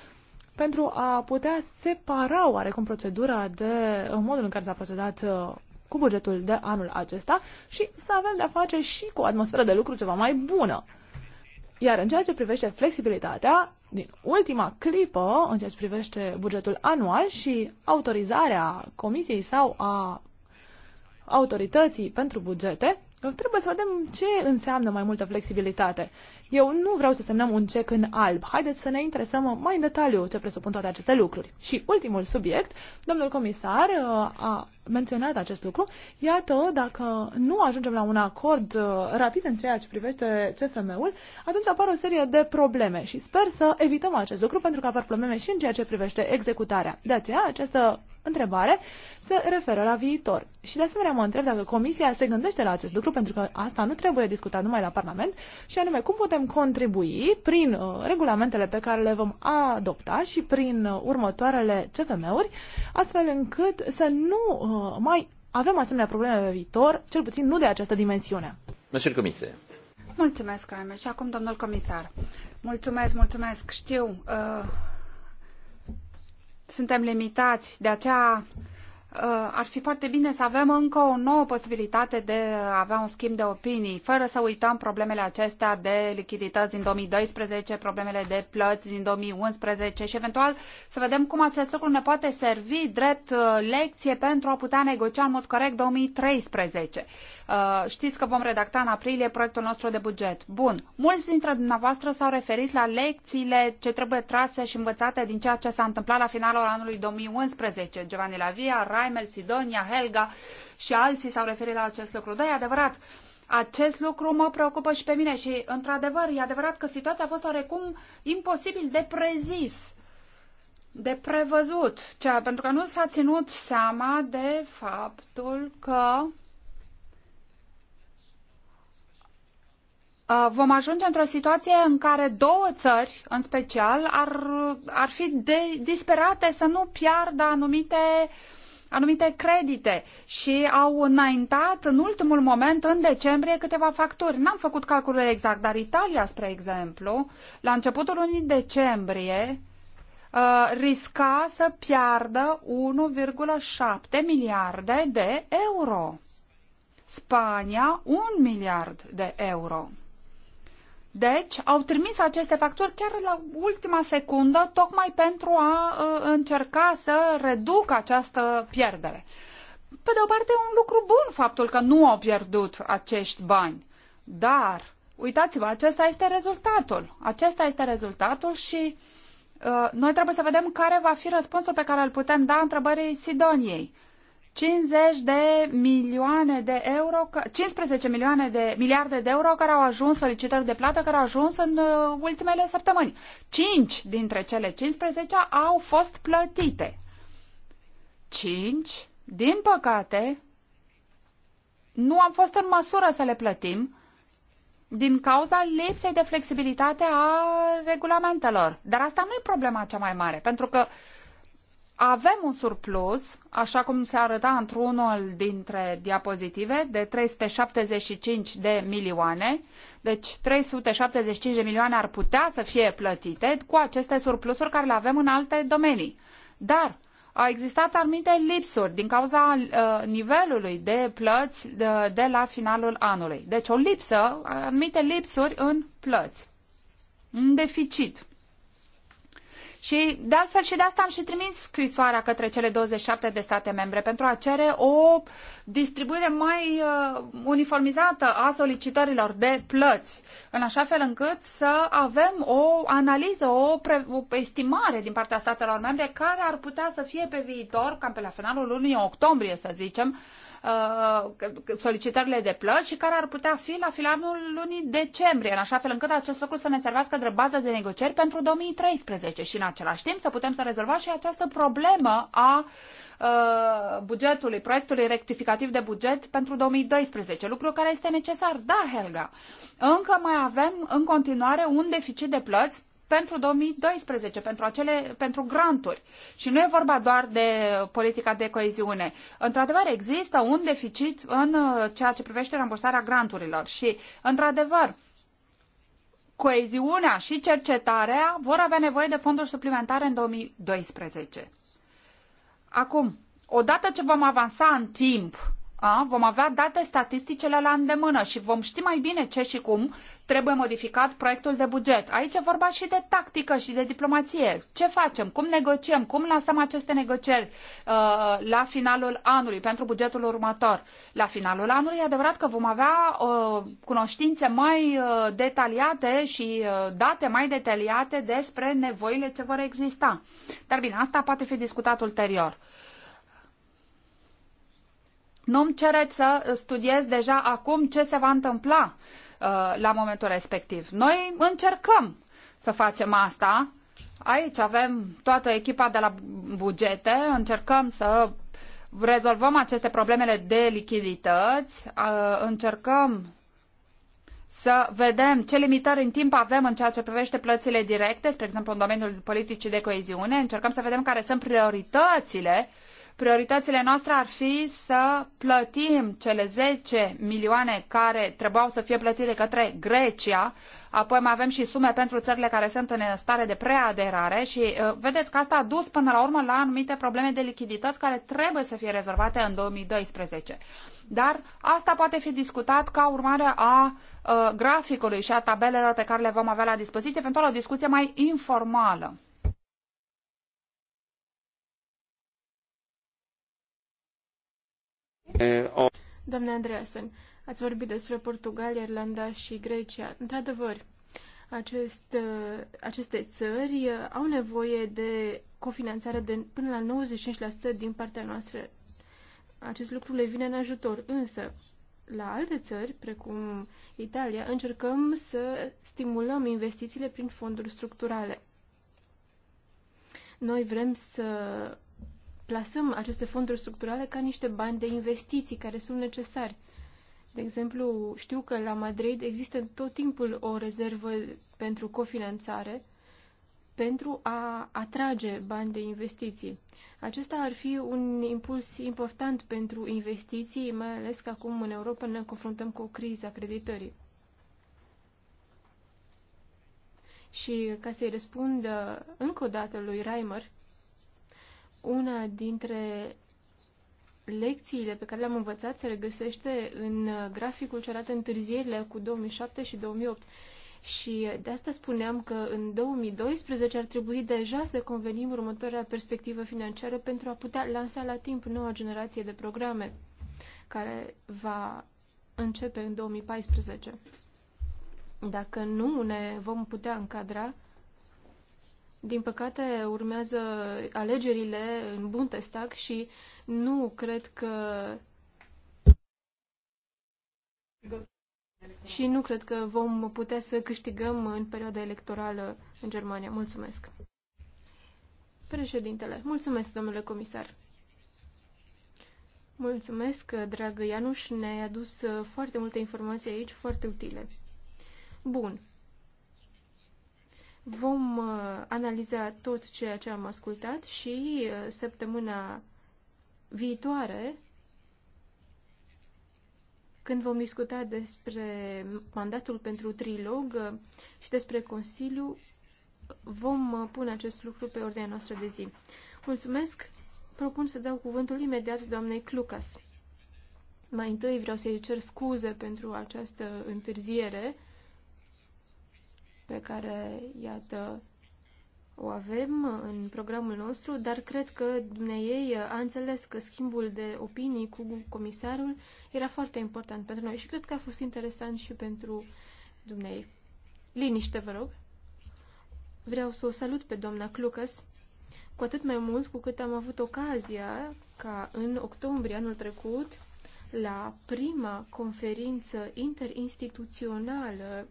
pentru a putea separa oarecum procedura de modul în care s-a procedat uh, cu bugetul de anul acesta și să avem de-a face și cu o atmosferă de lucru ceva mai bună. Iar în ceea ce privește flexibilitatea, din ultima clipă, în ceea ce privește bugetul anual și autorizarea comisiei sau a autorității pentru bugete, trebuie să vedem ce înseamnă mai multă flexibilitate. Eu nu vreau să semnăm un cec în alb. Haideți să ne interesăm mai în detaliu ce presupun toate aceste lucruri. Și ultimul subiect, domnul comisar uh, a menționat acest lucru. Iată, dacă nu ajungem la un acord uh, rapid în ceea ce privește CFM-ul, atunci apar o serie de probleme și sper să evităm acest lucru pentru că apar probleme și în ceea ce privește executarea. De aceea, această întrebare se referă la viitor. Și de asemenea mă întreb dacă Comisia se gândește la acest lucru, pentru că asta nu trebuie discutat numai la Parlament, și anume cum putem putem contribui prin uh, regulamentele pe care le vom adopta și prin uh, următoarele CFM-uri, astfel încât să nu uh, mai avem asemenea probleme pe viitor, cel puțin nu de această dimensiune. Măsuri comise. Mulțumesc, Raime. Și acum, domnul comisar. Mulțumesc, mulțumesc. Știu, uh, suntem limitați, de aceea ar fi foarte bine să avem încă o nouă posibilitate de a avea un schimb de opinii, fără să uităm problemele acestea de lichidități din 2012, problemele de plăți din 2011 și eventual să vedem cum acest lucru ne poate servi drept uh, lecție pentru a putea negocia în mod corect 2013. Uh, știți că vom redacta în aprilie proiectul nostru de buget. Bun, mulți dintre dumneavoastră s-au referit la lecțiile ce trebuie trase și învățate din ceea ce s-a întâmplat la finalul anului 2011. Giovanni Lavia, Raimel, Sidonia, Helga și alții s-au referit la acest lucru. Da, e adevărat. Acest lucru mă preocupă și pe mine și, într-adevăr, e adevărat că situația a fost oarecum imposibil de prezis, de prevăzut, cea, pentru că nu s-a ținut seama de faptul că uh, vom ajunge într-o situație în care două țări, în special, ar, ar fi de, disperate să nu piardă anumite uh, anumite credite și au înaintat în ultimul moment, în decembrie, câteva facturi. N-am făcut calculul exact, dar Italia, spre exemplu, la începutul lunii decembrie, uh, risca să piardă 1,7 miliarde de euro. Spania, 1 miliard de euro. Deci, au trimis aceste facturi chiar la ultima secundă, tocmai pentru a uh, încerca să reducă această pierdere. Pe de o parte, e un lucru bun faptul că nu au pierdut acești bani, dar uitați-vă, acesta este rezultatul. Acesta este rezultatul și uh, noi trebuie să vedem care va fi răspunsul pe care îl putem da întrebării Sidoniei. 50 de milioane de euro, 15 milioane de miliarde de euro care au ajuns solicitări de plată care au ajuns în uh, ultimele săptămâni. 5 dintre cele 15 au fost plătite. 5, din păcate, nu am fost în măsură să le plătim din cauza lipsei de flexibilitate a regulamentelor. Dar asta nu e problema cea mai mare, pentru că uh, avem un surplus, așa cum se arăta într-unul dintre diapozitive, de 375 de milioane. Deci 375 de milioane ar putea să fie plătite cu aceste surplusuri care le avem în alte domenii. Dar au existat anumite lipsuri din cauza uh, nivelului de plăți de, uh, de la finalul anului. Deci o lipsă, anumite lipsuri în plăți, un deficit. Și de altfel și de asta am și trimis scrisoarea către cele 27 de state membre pentru a cere o distribuire mai uh, uniformizată a solicitărilor de plăți, în așa fel încât să avem o analiză, o, pre, o estimare din partea statelor membre care ar putea să fie pe viitor, cam pe la finalul lunii octombrie, să zicem, Uh, solicitările de plăți și care ar putea fi la finalul lunii decembrie, în așa fel încât acest lucru să ne servească de bază de negocieri pentru 2013 și în același timp să putem să rezolvăm și această problemă a uh, bugetului, proiectului rectificativ de buget pentru 2012, lucru care este necesar. Da, Helga, încă mai avem în continuare un deficit de plăți pentru 2012, pentru, acele, pentru granturi. Și nu e vorba doar de politica de coeziune. Într-adevăr, există un deficit în uh, ceea ce privește rambursarea granturilor și, într-adevăr, coeziunea și cercetarea vor avea nevoie de fonduri suplimentare în 2012. Acum, odată ce vom avansa în timp, a, vom avea date statisticele la îndemână și vom ști mai bine ce și cum trebuie modificat proiectul de buget. Aici e vorba și de tactică și de diplomație. Ce facem? Cum negociem? Cum lăsăm aceste negocieri uh, la finalul anului, pentru bugetul următor? La finalul anului e adevărat că vom avea uh, cunoștințe mai uh, detaliate și uh, date mai detaliate despre nevoile ce vor exista. Dar bine, asta poate fi discutat ulterior. Nu-mi cereți să studiez deja acum ce se va întâmpla. Uh, Uh, la momentul respectiv. Noi încercăm să facem asta. Aici avem toată echipa de la bugete, încercăm să rezolvăm aceste problemele de lichidități, uh, încercăm să vedem ce limitări în timp avem în ceea ce privește plățile directe, spre exemplu în domeniul politicii de coeziune, încercăm să vedem care sunt prioritățile uh, prioritățile noastre ar fi să plătim cele zece milioane care trebuiau să fie plătite către Grecia, apoi mai avem și sume pentru țările care sunt în stare de preaderare și uh, vedeți că asta a dus până la urmă la anumite probleme de lichidități care trebuie să fie rezolvate în 2012. Dar asta poate fi discutat ca urmare a uh, graficului și a tabelelor pe care le vom avea la dispoziție, eventual o discuție mai informală. Doamne Andreasen, ați vorbit despre Portugalia, Irlanda și Grecia. Într-adevăr, acest, uh, aceste țări uh, au nevoie de cofinanțare de până la 95% din partea noastră. Acest lucru le vine în ajutor, însă la alte țări, precum Italia, încercăm să stimulăm investițiile prin fonduri structurale. Noi vrem să plasăm aceste fonduri structurale ca niște bani de investiții care sunt necesari. De exemplu, știu că la Madrid există tot timpul o rezervă pentru cofinanțare pentru a atrage bani de investiții. Acesta ar fi un impuls important pentru investiții, mai ales că acum în Europa ne confruntăm cu o criză a creditării. Și ca să-i răspund uh, încă o dată lui Reimer, una dintre lecțiile pe care le-am învățat se regăsește în uh, graficul ce arată întârzierile cu 2007 și 2008. Și uh, de asta spuneam că în 2012 ar trebui deja să convenim următoarea perspectivă financiară pentru a putea lansa la timp noua generație de programe care va începe în 2014. Dacă nu ne vom putea încadra, din păcate, urmează alegerile în Bundestag și nu cred că și nu cred că vom putea să câștigăm în perioada electorală în Germania. Mulțumesc. Președintele, mulțumesc, domnule comisar. Mulțumesc, dragă Ianuș, ne-ai adus foarte multe informații aici, foarte utile. Bun. Vom uh, analiza tot ceea ce am ascultat și uh, săptămâna viitoare, când vom discuta despre mandatul pentru trilog uh, și despre Consiliu, vom pune acest lucru pe ordinea noastră de zi. Mulțumesc! Propun să dau cuvântul imediat doamnei Clucas. Mai întâi vreau să-i cer scuze pentru această întârziere pe care, iată, o avem în programul nostru, dar cred că dumneiei a înțeles că schimbul de opinii cu comisarul era foarte important pentru noi și cred că a fost interesant și pentru dumnei. Liniște, vă rog! Vreau să o salut pe doamna Clucas, cu atât mai mult cu cât am avut ocazia ca în octombrie anul trecut, la prima conferință interinstituțională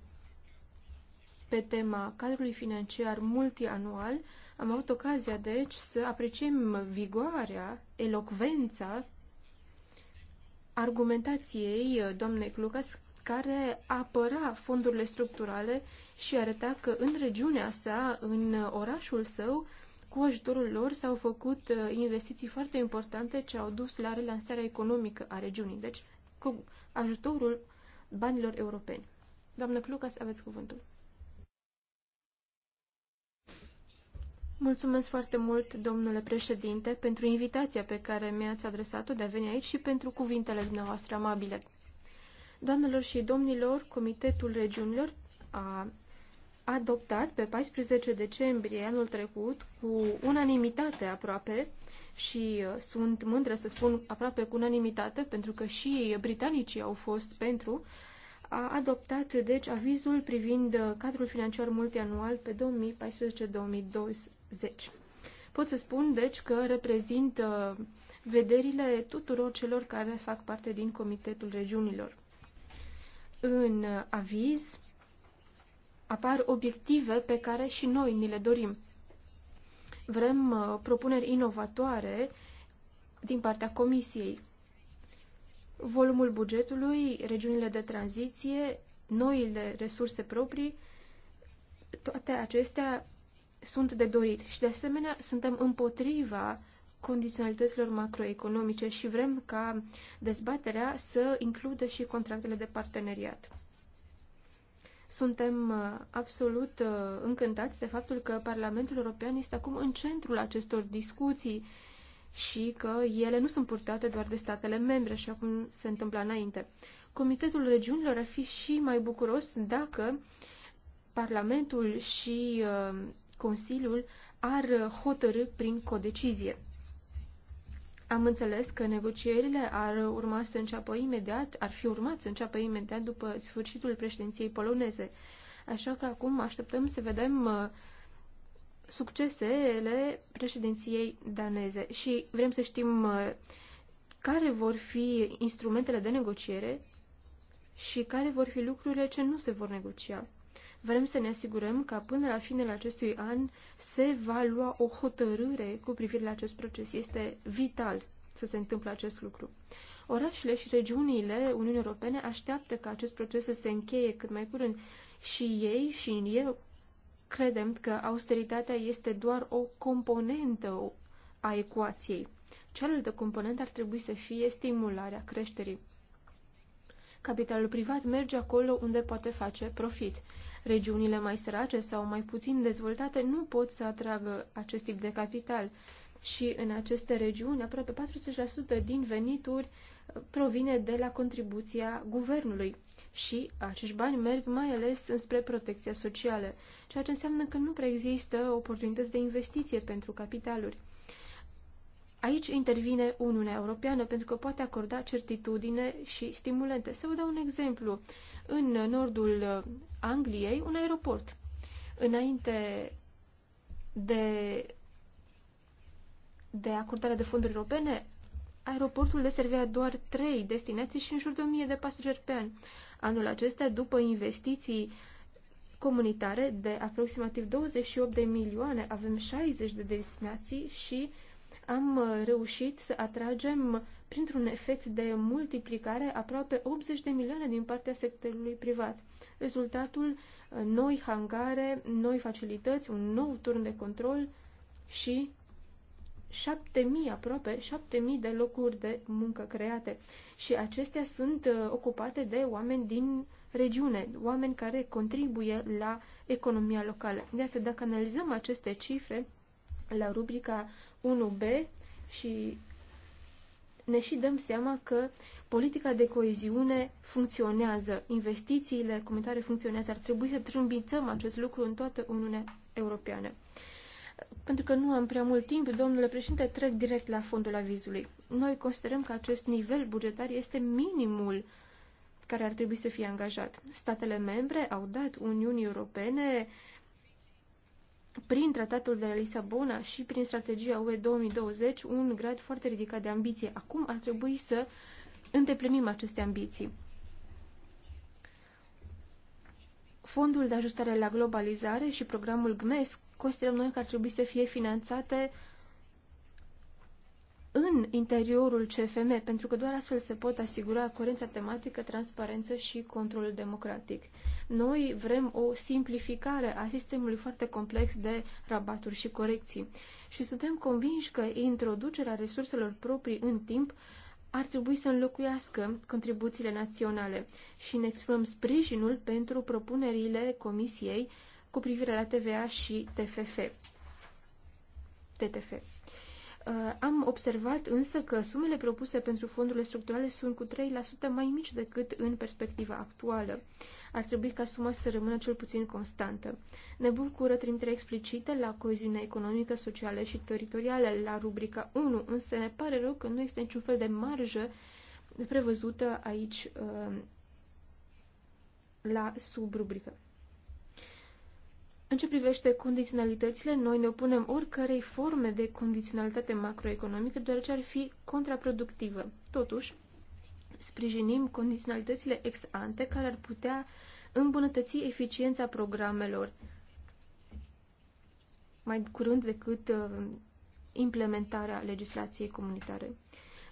pe tema cadrului financiar multianual, am avut ocazia, deci, să apreciem vigoarea, elocvența argumentației doamnei Clucas, care apăra fondurile structurale și arăta că în regiunea sa, în orașul său, cu ajutorul lor s-au făcut uh, investiții foarte importante ce au dus la relansarea economică a regiunii, deci cu ajutorul banilor europeni. Doamnă Clucas, aveți cuvântul. Mulțumesc foarte mult, domnule președinte, pentru invitația pe care mi-ați adresat-o de a veni aici și pentru cuvintele dumneavoastră amabile. Doamnelor și domnilor, Comitetul Regiunilor a adoptat pe 14 decembrie anul trecut cu unanimitate aproape și uh, sunt mândră să spun aproape cu unanimitate pentru că și britanicii au fost pentru a adoptat deci avizul privind uh, cadrul financiar multianual pe 2014-2020. 10. Pot să spun, deci, că reprezintă vederile tuturor celor care fac parte din Comitetul Regiunilor. În aviz apar obiective pe care și noi ni le dorim. Vrem uh, propuneri inovatoare din partea Comisiei. Volumul bugetului, regiunile de tranziție, noile resurse proprii, toate acestea sunt de dorit și, de asemenea, suntem împotriva condiționalităților macroeconomice și vrem ca dezbaterea să includă și contractele de parteneriat. Suntem uh, absolut uh, încântați de faptul că Parlamentul European este acum în centrul acestor discuții și că ele nu sunt purtate doar de statele membre, așa cum se întâmpla înainte. Comitetul Regiunilor ar fi și mai bucuros dacă Parlamentul și uh, Consiliul ar hotărâ prin codecizie. Am înțeles că negocierile ar urma să înceapă imediat, ar fi urmat să înceapă imediat după sfârșitul președinției poloneze. Așa că acum așteptăm să vedem uh, succesele președinției daneze și vrem să știm uh, care vor fi instrumentele de negociere și care vor fi lucrurile ce nu se vor negocia. Vrem să ne asigurăm că până la finele acestui an se va lua o hotărâre cu privire la acest proces. Este vital să se întâmple acest lucru. Orașele și regiunile Uniunii Europene așteaptă ca acest proces să se încheie cât mai curând și ei și eu credem că austeritatea este doar o componentă a ecuației. Cealaltă componentă ar trebui să fie stimularea creșterii. Capitalul privat merge acolo unde poate face profit. Regiunile mai sărace sau mai puțin dezvoltate nu pot să atragă acest tip de capital și în aceste regiuni aproape 40% din venituri uh, provine de la contribuția guvernului și acești bani merg mai ales înspre protecția socială, ceea ce înseamnă că nu prea există oportunități de investiție pentru capitaluri. Aici intervine Uniunea Europeană pentru că poate acorda certitudine și stimulente. Să vă dau un exemplu în nordul Angliei un aeroport. Înainte de, de acordarea de fonduri europene, aeroportul deservea doar trei destinații și în jur de 1000 de pasageri pe an. Anul acesta, după investiții comunitare de aproximativ 28 de milioane, avem 60 de destinații și am reușit să atragem printr-un efect de multiplicare aproape 80 de milioane din partea sectorului privat. Rezultatul, uh, noi hangare, noi facilități, un nou turn de control și 7000, aproape 7000 de locuri de muncă create. Și acestea sunt uh, ocupate de oameni din regiune, oameni care contribuie la economia locală. Iată, dacă analizăm aceste cifre la rubrica 1B și ne și dăm seama că politica de coeziune funcționează, investițiile comunitare funcționează, ar trebui să trâmbițăm acest lucru în toată Uniunea Europeană. Pentru că nu am prea mult timp, domnule președinte, trec direct la fondul avizului. Noi considerăm că acest nivel bugetar este minimul care ar trebui să fie angajat. Statele membre au dat Uniunii Europene uh, prin tratatul de la Lisabona și prin strategia UE 2020 un grad foarte ridicat de ambiție. Acum ar trebui să îndeplinim aceste ambiții. Fondul de ajustare la globalizare și programul GMES considerăm noi că ar trebui să fie finanțate în interiorul CFM, pentru că doar astfel se pot asigura coerența tematică, transparență și controlul democratic. Noi vrem o simplificare a sistemului foarte complex de rabaturi și corecții și suntem convinși că introducerea resurselor proprii în timp ar trebui să înlocuiască contribuțiile naționale și ne exprimăm sprijinul pentru propunerile Comisiei cu privire la TVA și TFF. TTF. Uh, am observat însă că sumele propuse pentru fondurile structurale sunt cu 3% mai mici decât în perspectiva actuală ar trebui ca suma să rămână cel puțin constantă. Ne bucură trimiterea explicită la coeziunea economică, socială și teritorială la rubrica 1, însă ne pare rău că nu este niciun fel de marjă prevăzută aici uh, la subrubrică. În ce privește condiționalitățile, noi ne opunem oricărei forme de condiționalitate macroeconomică, deoarece ar fi contraproductivă. Totuși, sprijinim condiționalitățile ex ante care ar putea îmbunătăți eficiența programelor mai curând decât uh, implementarea legislației comunitare.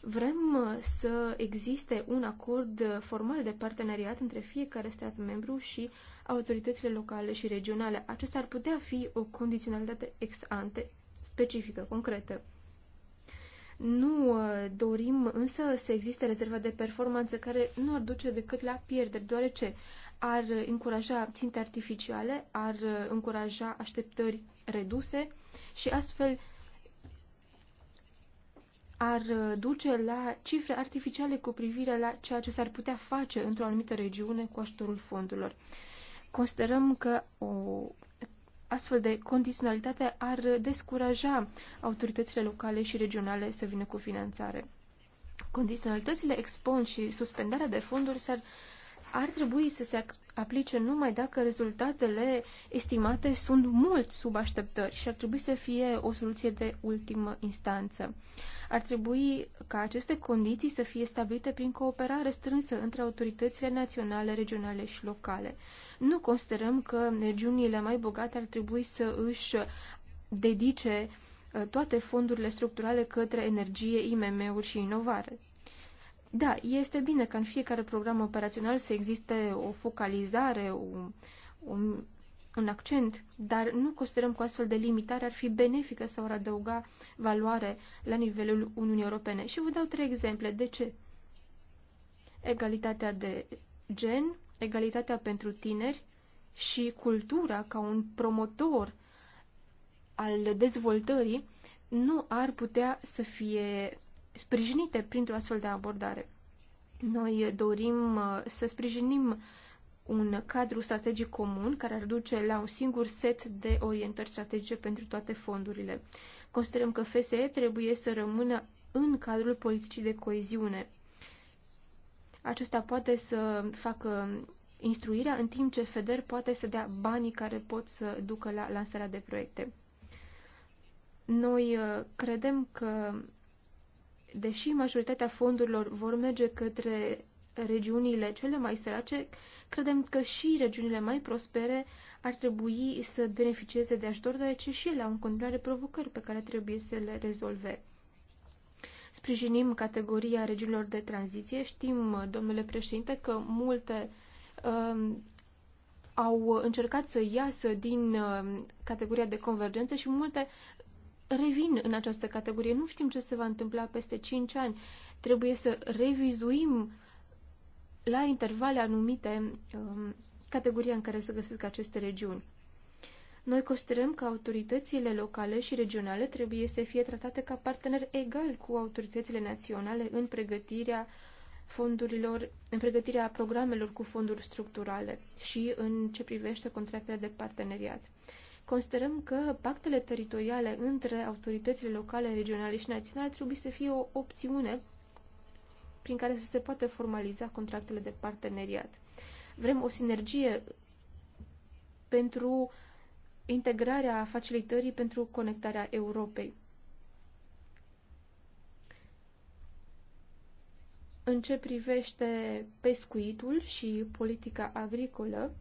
Vrem uh, să existe un acord uh, formal de parteneriat între fiecare stat membru și autoritățile locale și regionale. Acesta ar putea fi o condiționalitate ex ante specifică, concretă. Nu uh, dorim însă să existe rezerva de performanță care nu ar duce decât la pierderi, deoarece ar încuraja ținte artificiale, ar uh, încuraja așteptări reduse și astfel ar uh, duce la cifre artificiale cu privire la ceea ce s-ar putea face într-o anumită regiune cu ajutorul fondurilor. Considerăm că o astfel de condiționalitate ar descuraja autoritățile locale și regionale să vină cu finanțare. Condiționalitățile expun și suspendarea de fonduri s-ar, ar trebui să se aplice numai dacă rezultatele estimate sunt mult sub așteptări și ar trebui să fie o soluție de ultimă instanță. Ar trebui ca aceste condiții să fie stabilite prin cooperare strânsă între autoritățile naționale, regionale și locale. Nu considerăm că regiunile mai bogate ar trebui să își dedice uh, toate fondurile structurale către energie, IMM-uri și inovare. Da, este bine ca în fiecare program operațional să existe o focalizare, un, un, un accent, dar nu considerăm că astfel de limitare ar fi benefică sau ar adăuga valoare la nivelul Uniunii Europene. Și vă dau trei exemple. De ce? Egalitatea de gen, egalitatea pentru tineri și cultura ca un promotor al dezvoltării nu ar putea să fie sprijinite printr-o astfel de abordare. Noi dorim uh, să sprijinim un cadru strategic comun care ar duce la un singur set de orientări strategice pentru toate fondurile. Considerăm că FSE trebuie să rămână în cadrul politicii de coeziune. Acesta poate să facă instruirea, în timp ce FEDER poate să dea banii care pot să ducă la lansarea de proiecte. Noi uh, credem că Deși majoritatea fondurilor vor merge către regiunile cele mai sărace, credem că și regiunile mai prospere ar trebui să beneficieze de ajutor, deoarece și ele au în continuare provocări pe care trebuie să le rezolve. Sprijinim categoria regiunilor de tranziție. Știm, domnule președinte, că multe um, au încercat să iasă din uh, categoria de convergență și multe revin în această categorie. Nu știm ce se va întâmpla peste 5 ani. Trebuie să revizuim la intervale anumite um, categoria în care se găsesc aceste regiuni. Noi considerăm că autoritățile locale și regionale trebuie să fie tratate ca partener egal cu autoritățile naționale în pregătirea fondurilor, în pregătirea programelor cu fonduri structurale și în ce privește contractele de parteneriat. Considerăm că pactele teritoriale între autoritățile locale, regionale și naționale trebuie să fie o opțiune prin care să se poată formaliza contractele de parteneriat. Vrem o sinergie pentru integrarea facilitării pentru conectarea Europei. În ce privește pescuitul și politica agricolă,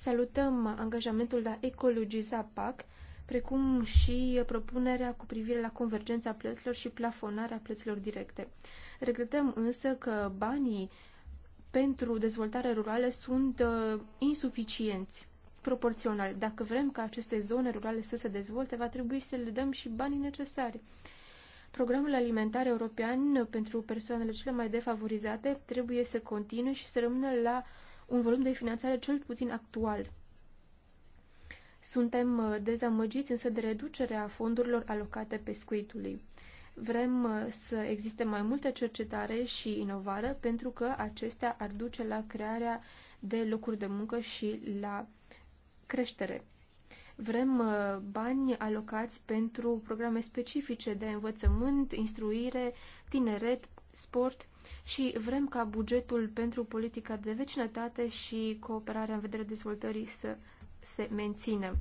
Salutăm angajamentul de a ecologiza PAC, precum și propunerea cu privire la convergența plăților și plafonarea plăților directe. Regretăm însă că banii pentru dezvoltare rurală sunt uh, insuficienți proporțional. Dacă vrem ca aceste zone rurale să se dezvolte, va trebui să le dăm și banii necesari. Programul alimentar european pentru persoanele cele mai defavorizate trebuie să continue și să rămână la uh, un volum de finanțare cel puțin actual. Suntem uh, dezamăgiți însă de reducerea fondurilor alocate pescuitului. Vrem uh, să existe mai multă cercetare și inovare pentru că acestea ar duce la crearea de locuri de muncă și la creștere. Vrem uh, bani alocați pentru programe specifice de învățământ, instruire, tineret, sport și vrem ca bugetul pentru politica de vecinătate și cooperarea în vederea dezvoltării să se mențină.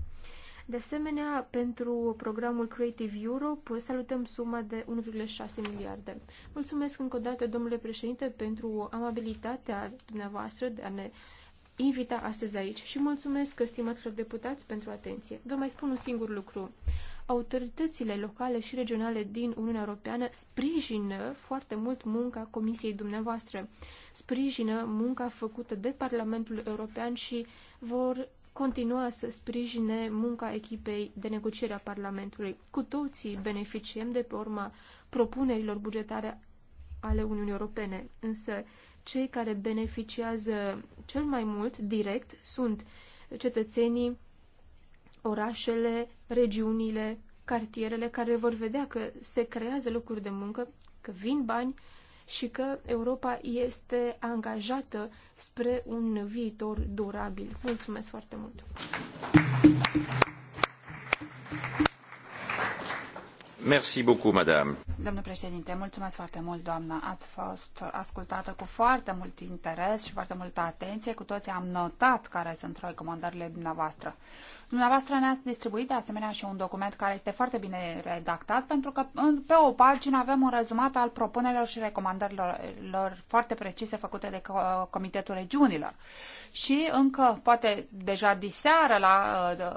De asemenea, pentru programul Creative Europe salutăm suma de 1,6 miliarde. Mulțumesc încă o dată, domnule președinte, pentru amabilitatea dumneavoastră de a ne invita astăzi aici și mulțumesc, stimaților deputați, pentru atenție. Vă mai spun un singur lucru autoritățile locale și regionale din Uniunea Europeană sprijină foarte mult munca Comisiei dumneavoastră, sprijină munca făcută de Parlamentul European și vor continua să sprijine munca echipei de negociere a Parlamentului. Cu toții beneficiem de pe urma propunerilor bugetare ale Uniunii Europene, însă cei care beneficiază cel mai mult direct sunt cetățenii, orașele, regiunile, cartierele care vor vedea că se creează locuri de muncă, că vin bani și că Europa este angajată spre un viitor durabil. Mulțumesc foarte mult! Merci beaucoup, madame. Doamnă președinte, mulțumesc foarte mult, doamnă. Ați fost ascultată cu foarte mult interes și foarte multă atenție. Cu toții am notat care sunt recomandările dumneavoastră. Dumneavoastră ne-ați distribuit de asemenea și un document care este foarte bine redactat, pentru că pe o pagină avem un rezumat al propunerilor și recomandărilor lor foarte precise făcute de Comitetul Regiunilor. Și încă, poate deja diseară la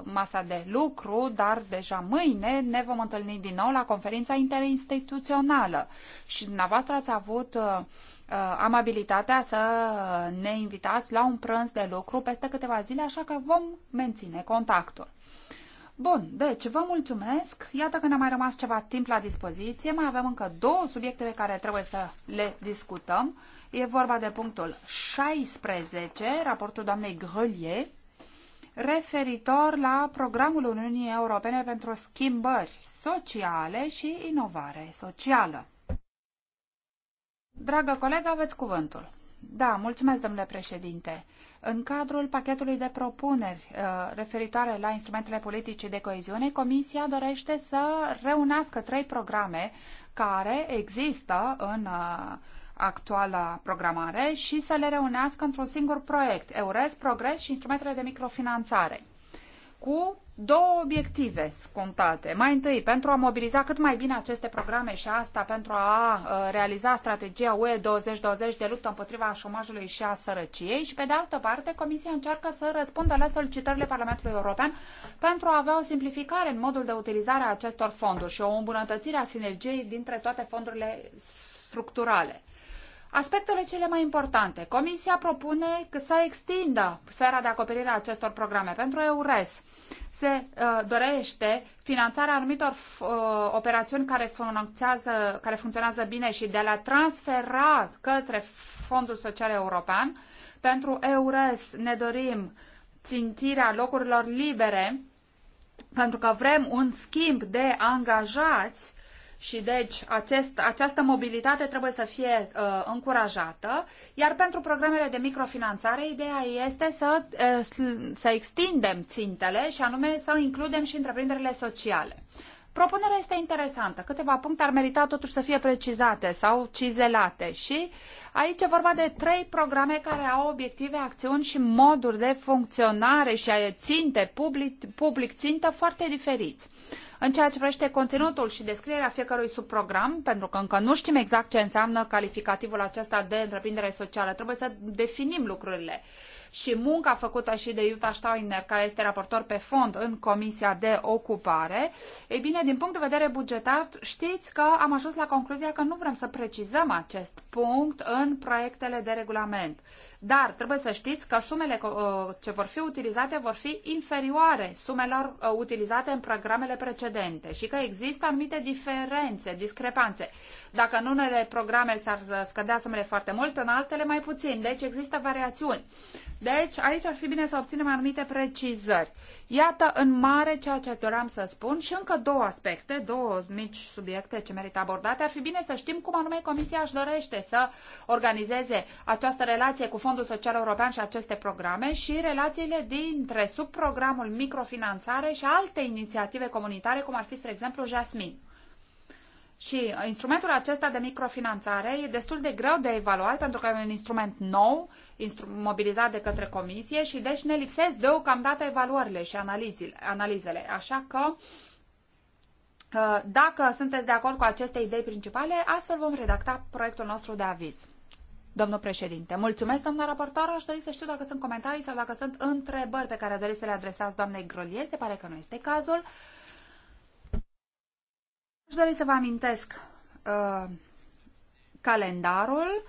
masa de lucru, dar deja mâine ne vom întâlni din nou la conferința interinstituțională. Și dumneavoastră ați avut uh, Uh, amabilitatea să ne invitați la un prânz de lucru peste câteva zile, așa că vom menține contactul. Bun, deci vă mulțumesc. Iată că ne-a mai rămas ceva timp la dispoziție. Mai avem încă două subiecte pe care trebuie să le discutăm. E vorba de punctul 16, raportul doamnei Grelier, referitor la programul Uniunii Europene pentru schimbări sociale și inovare socială. Dragă colegă, aveți cuvântul. Da, mulțumesc, domnule președinte. În cadrul pachetului de propuneri uh, referitoare la instrumentele politice de coeziune, Comisia dorește să reunească trei programe care există în uh, actuala programare și să le reunească într-un singur proiect, EURES, Progres și instrumentele de microfinanțare, cu două obiective scontate. Mai întâi, pentru a mobiliza cât mai bine aceste programe și asta pentru a uh, realiza strategia UE 2020 de luptă împotriva șomajului și a sărăciei și, pe de altă parte, Comisia încearcă să răspundă la solicitările Parlamentului European pentru a avea o simplificare în modul de utilizare a acestor fonduri și o îmbunătățire a sinergiei dintre toate fondurile structurale. Aspectele cele mai importante. Comisia propune să extindă sfera de acoperire a acestor programe. Pentru EURES se uh, dorește finanțarea anumitor uh, operațiuni care, care funcționează bine și de la transfera către Fondul Social European. Pentru EURES ne dorim țintirea locurilor libere pentru că vrem un schimb de angajați și deci acest, această mobilitate trebuie să fie uh, încurajată, iar pentru programele de microfinanțare ideea este să, uh, să extindem țintele și anume să includem și întreprinderile sociale. Propunerea este interesantă. Câteva puncte ar merita totuși să fie precizate sau cizelate și aici e vorba de trei programe care au obiective, acțiuni și moduri de funcționare și ținte public, public țintă foarte diferiți. Uh, în ceea ce privește conținutul și descrierea fiecărui subprogram, pentru că încă nu știm exact ce înseamnă calificativul acesta de întreprindere socială, trebuie să definim lucrurile și munca făcută și de Iuta Steiner, care este raportor pe fond în Comisia de Ocupare, ei bine, din punct de vedere bugetar, știți că am ajuns la concluzia că nu vrem să precizăm acest punct în proiectele de regulament. Dar trebuie să știți că sumele uh, ce vor fi utilizate vor fi inferioare sumelor uh, utilizate în programele precedente și că există anumite diferențe, discrepanțe. Dacă în unele programe s-ar scădea sumele foarte mult, în altele mai puțin. Deci există variațiuni. Deci, aici ar fi bine să obținem anumite precizări. Iată, în mare, ceea ce doream să spun și încă două aspecte, două mici subiecte ce merită abordate. Ar fi bine să știm cum anume Comisia își dorește să organizeze această relație cu Fondul Social European și aceste programe și relațiile dintre subprogramul microfinanțare și alte inițiative comunitare, cum ar fi, spre exemplu, Jasmine. Și instrumentul acesta de microfinanțare e destul de greu de evaluat pentru că e un instrument nou, instru- mobilizat de către comisie și deci ne lipsesc deocamdată evaluările și analizele. Așa că uh, dacă sunteți de acord cu aceste idei principale, astfel vom redacta proiectul nostru de aviz. Domnul președinte, mulțumesc, doamna raportor. Aș dori să știu dacă sunt comentarii sau dacă sunt întrebări pe care doriți să le adresați doamnei Grolie. Se pare că nu este cazul. Aș dori să vă amintesc uh, calendarul.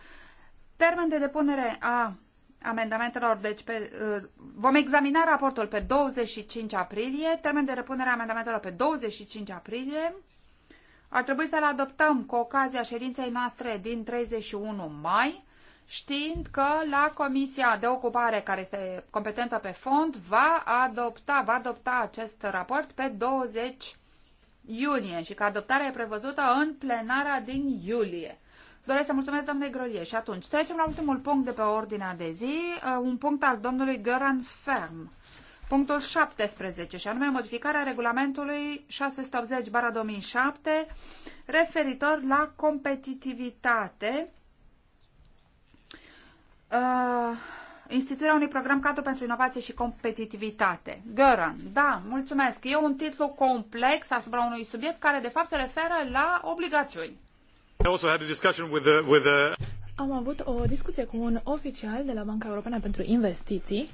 Termen de depunere a amendamentelor, deci pe, uh, vom examina raportul pe 25 aprilie, termen de depunere a amendamentelor pe 25 aprilie. Ar trebui să-l adoptăm cu ocazia ședinței noastre din 31 mai, știind că la Comisia de Ocupare, care este competentă pe fond, va adopta, va adopta acest raport pe 20 aprilie iunie și că adoptarea e prevăzută în plenara din iulie. Doresc să mulțumesc domnului Grolie. Și atunci, trecem la ultimul punct de pe ordinea de zi, uh, un punct al domnului Göran Ferm. Punctul 17, și anume modificarea regulamentului 680-2007 referitor la competitivitate. Uh, instituirea unui program cadru pentru inovație și competitivitate. Göran, da, mulțumesc. E un titlu complex asupra unui subiect care de fapt se referă la obligațiuni. Am avut o discuție cu un oficial de la Banca Europeană pentru Investiții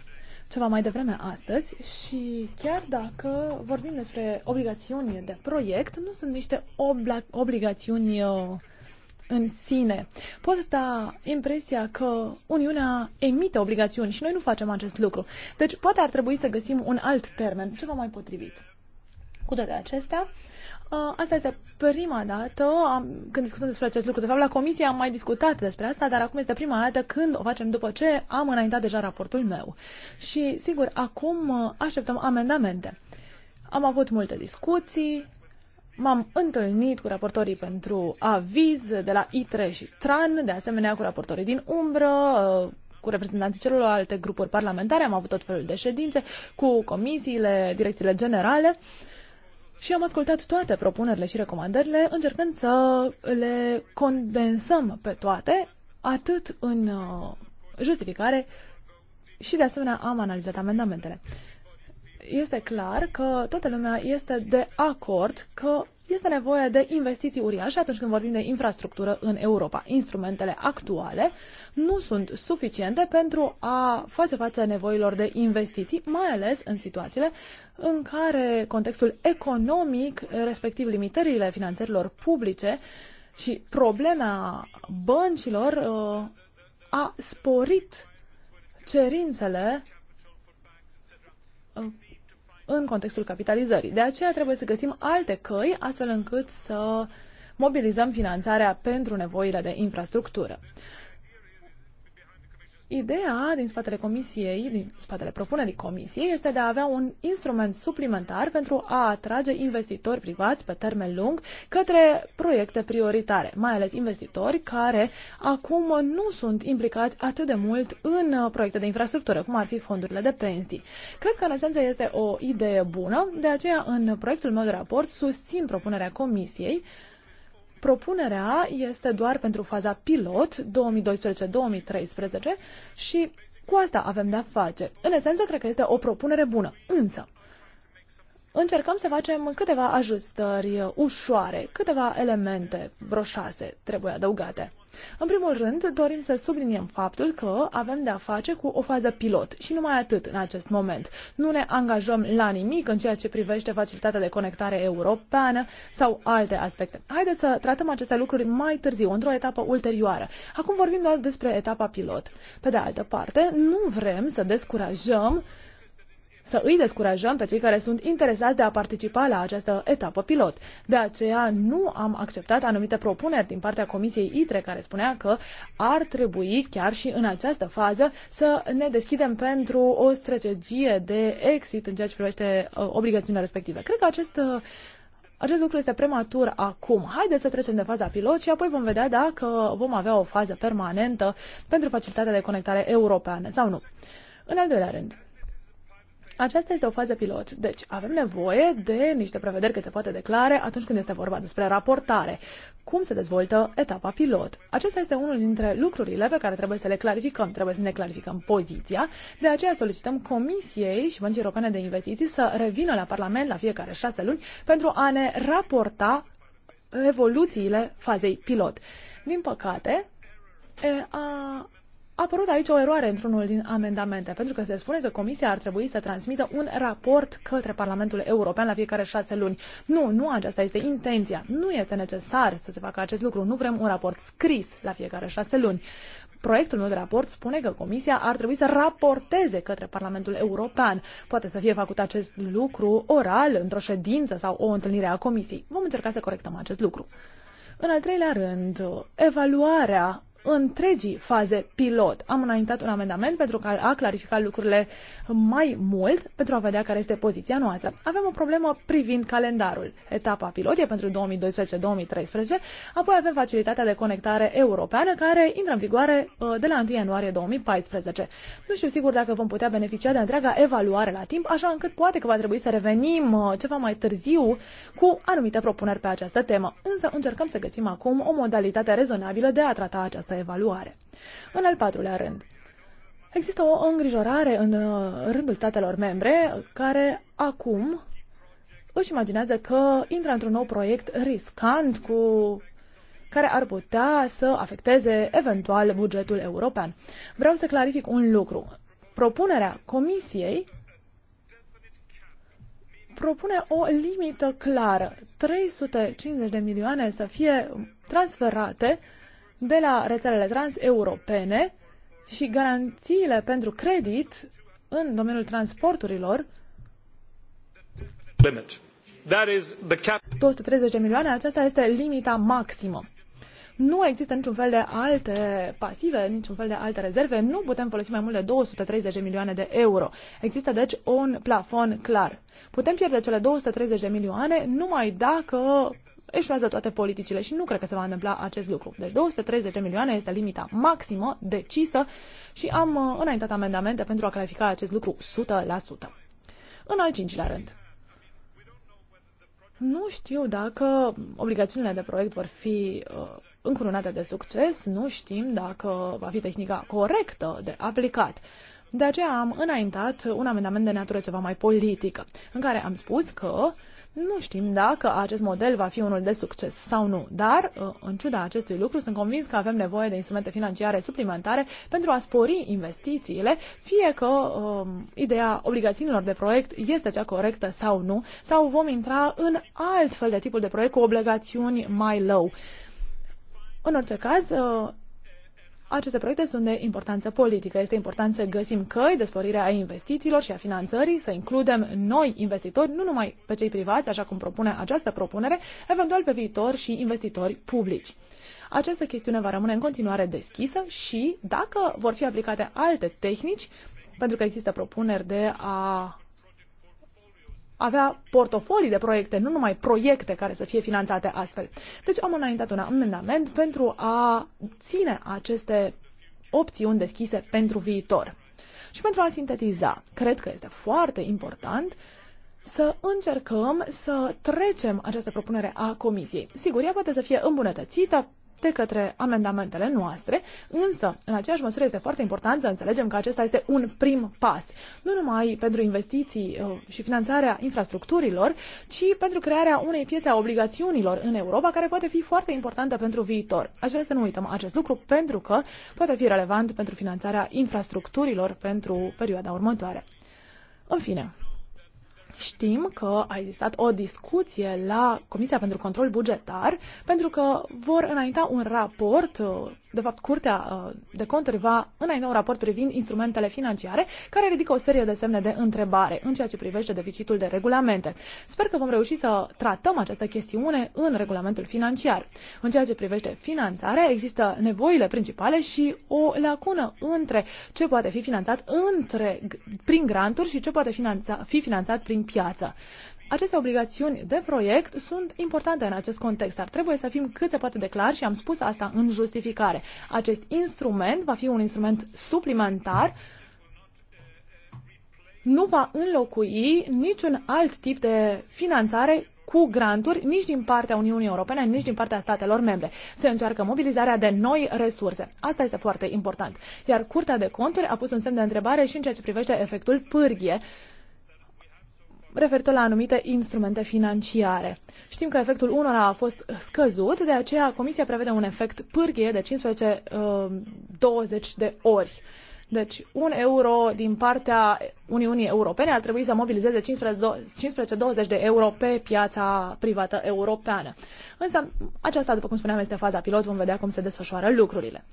ceva mai devreme astăzi și chiar dacă vorbim despre obligațiuni de proiect, nu sunt niște obla- obligațiuni uh, în sine. Pot da impresia că Uniunea emite obligațiuni și noi nu facem acest lucru. Deci poate ar trebui să găsim un alt termen, ceva mai potrivit. Cu toate acestea, ă, asta este prima dată când discutăm despre acest lucru. De fapt, la comisie am mai discutat despre asta, dar acum este prima dată când o facem după ce am înaintat deja raportul meu. Și, sigur, acum ă, așteptăm amendamente. Am avut multe discuții, M-am întâlnit cu raportorii pentru aviz de la ITRE și TRAN, de asemenea cu raportorii din umbră, uh, cu reprezentanții celorlalte grupuri parlamentare, am avut tot felul de ședințe cu comisiile, direcțiile generale și am ascultat toate propunerile și recomandările, încercând să le condensăm pe toate, atât în uh, justificare și de asemenea am analizat amendamentele este clar că toată lumea este de acord că este nevoie de investiții uriașe atunci când vorbim de infrastructură în Europa. Instrumentele actuale nu sunt suficiente pentru a face față nevoilor de investiții, mai ales în situațiile în care contextul economic, respectiv limitările finanțărilor publice și problema băncilor uh, a sporit cerințele uh, în contextul capitalizării. De aceea trebuie să găsim alte căi astfel încât să mobilizăm finanțarea pentru nevoile de infrastructură. Ideea din spatele comisiei, din spatele propunerii comisiei, este de a avea un instrument suplimentar pentru a atrage investitori privați pe termen lung către proiecte prioritare, mai ales investitori care acum nu sunt implicați atât de mult în proiecte de infrastructură, cum ar fi fondurile de pensii. Cred că, în esență, este o idee bună, de aceea, în proiectul meu de raport, susțin propunerea comisiei Propunerea este doar pentru faza pilot 2012-2013 și cu asta avem de-a face. În esență, cred că este o propunere bună. Însă, încercăm să facem câteva ajustări ușoare, câteva elemente, vreo șase, trebuie adăugate. În primul rând, dorim să subliniem faptul că avem de-a face cu o fază pilot și numai atât în acest moment. Nu ne angajăm la nimic în ceea ce privește facilitatea de conectare europeană sau alte aspecte. Haideți să tratăm aceste lucruri mai târziu, într-o etapă ulterioară. Acum vorbim doar despre etapa pilot. Pe de altă parte, nu vrem să descurajăm să îi descurajăm pe cei care sunt interesați de a participa la această etapă pilot. De aceea nu am acceptat anumite propuneri din partea Comisiei ITRE care spunea că ar trebui chiar și în această fază să ne deschidem pentru o strategie de exit în ceea ce privește uh, obligațiunile respective. Cred că acest uh, acest lucru este prematur acum. Haideți să trecem de faza pilot și apoi vom vedea dacă vom avea o fază permanentă pentru facilitatea de conectare europeană sau nu. În al doilea rând, aceasta este o fază pilot, deci avem nevoie de niște prevederi cât se poate declare atunci când este vorba despre raportare. Cum se dezvoltă etapa pilot? Acesta este unul dintre lucrurile pe care trebuie să le clarificăm, trebuie să ne clarificăm poziția, de aceea solicităm Comisiei și Băncii Europene de Investiții să revină la Parlament la fiecare șase luni pentru a ne raporta evoluțiile fazei pilot. Din păcate, a apărut aici o eroare într-unul din amendamente, pentru că se spune că Comisia ar trebui să transmită un raport către Parlamentul European la fiecare șase luni. Nu, nu aceasta este intenția. Nu este necesar să se facă acest lucru. Nu vrem un raport scris la fiecare șase luni. Proiectul meu de raport spune că Comisia ar trebui să raporteze către Parlamentul European. Poate să fie făcut acest lucru oral, într-o ședință sau o întâlnire a Comisiei. Vom încerca să corectăm acest lucru. În al treilea rând, evaluarea întregii faze pilot. Am înaintat un amendament pentru a clarifica lucrurile mai mult, pentru a vedea care este poziția noastră. Avem o problemă privind calendarul. Etapa pilot e pentru 2012-2013, apoi avem facilitatea de conectare europeană care intră în vigoare uh, de la 1 ianuarie 2014. Nu știu sigur dacă vom putea beneficia de întreaga evaluare la timp, așa încât poate că va trebui să revenim uh, ceva mai târziu cu anumite propuneri pe această temă. Însă încercăm să găsim acum o modalitate rezonabilă de a trata această această evaluare. În al patrulea rând, există o îngrijorare în uh, rândul statelor membre care acum își imaginează că intră într-un nou proiect riscant cu care ar putea să afecteze eventual bugetul european. Vreau să clarific un lucru. Propunerea Comisiei propune o limită clară. 350 de milioane să fie transferate uh, de la rețelele transeuropene și garanțiile pentru credit în domeniul transporturilor. 230 de milioane, aceasta este limita maximă. Nu există niciun fel de alte pasive, niciun fel de alte rezerve, nu putem folosi mai mult de 230 de milioane de euro. Există deci un plafon clar. Putem pierde cele 230 de milioane numai dacă eșuează toate politicile și nu cred că se va întâmpla acest lucru. Deci 230 milioane este limita maximă decisă și am uh, înaintat amendamente pentru a clarifica acest lucru 100%. În al cincilea rând, nu știu dacă obligațiunile de proiect vor fi uh, încurunate de succes, nu știm dacă va fi tehnica corectă de aplicat. De aceea am înaintat un amendament de natură ceva mai politică, în care am spus că uh, nu știm dacă acest model va fi unul de succes sau nu, dar, uh, în ciuda acestui lucru, sunt convins că avem nevoie de instrumente financiare suplimentare pentru a spori investițiile, fie că um, ideea obligațiunilor de proiect este cea corectă sau nu, sau vom intra în alt fel de tipul de proiect cu obligațiuni mai low. În orice caz, uh, aceste proiecte sunt de importanță politică. Este important să găsim căi de sporire a investițiilor și a finanțării, să includem noi investitori, nu numai pe cei privați, așa cum propune această propunere, eventual pe viitor și investitori publici. Această chestiune va rămâne în continuare deschisă și, dacă vor fi aplicate alte tehnici, pentru că există propuneri de a avea portofolii de proiecte, nu numai proiecte care să fie finanțate astfel. Deci am înaintat un amendament pentru a ține aceste opțiuni deschise pentru viitor. Și pentru a sintetiza, cred că este foarte important să încercăm să trecem această propunere a Comisiei. Sigur, ea poate să fie îmbunătățită de către amendamentele noastre, însă, în aceeași măsură, este foarte important să înțelegem că acesta este un prim pas, nu numai pentru investiții uh, și finanțarea infrastructurilor, ci pentru crearea unei piețe a obligațiunilor în Europa, care poate fi foarte importantă pentru viitor. Aș vrea să nu uităm acest lucru, pentru că poate fi relevant pentru finanțarea infrastructurilor pentru perioada următoare. În fine, Știm că a existat o discuție la Comisia pentru Control Bugetar pentru că vor înainta un raport uh, de fapt, Curtea uh, de Conturi va înainta un raport privind instrumentele financiare, care ridică o serie de semne de întrebare în ceea ce privește deficitul de regulamente. Sper că vom reuși să tratăm această chestiune în regulamentul financiar. În ceea ce privește finanțarea, există nevoile principale și o lacună între ce poate fi finanțat între, prin granturi și ce poate finanța, fi finanțat prin piață. Aceste obligațiuni de proiect sunt importante în acest context, dar trebuie să fim cât se poate de clar și am spus asta în justificare. Acest instrument va fi un instrument suplimentar nu va înlocui niciun alt tip de finanțare cu granturi nici din partea Uniunii Europene, nici din partea statelor membre. Se încearcă mobilizarea de noi resurse. Asta este foarte important. Iar Curtea de Conturi a pus un semn de întrebare și în ceea ce privește efectul pârghie referitor la anumite instrumente financiare. Știm că efectul unora a fost scăzut, de aceea Comisia prevede un efect pârghie de 15-20 uh, de ori. Deci, un euro din partea Uniunii Europene ar trebui să mobilizeze 15-20 de euro pe piața privată europeană. Însă, aceasta, după cum spuneam, este faza pilot, vom vedea cum se desfășoară lucrurile.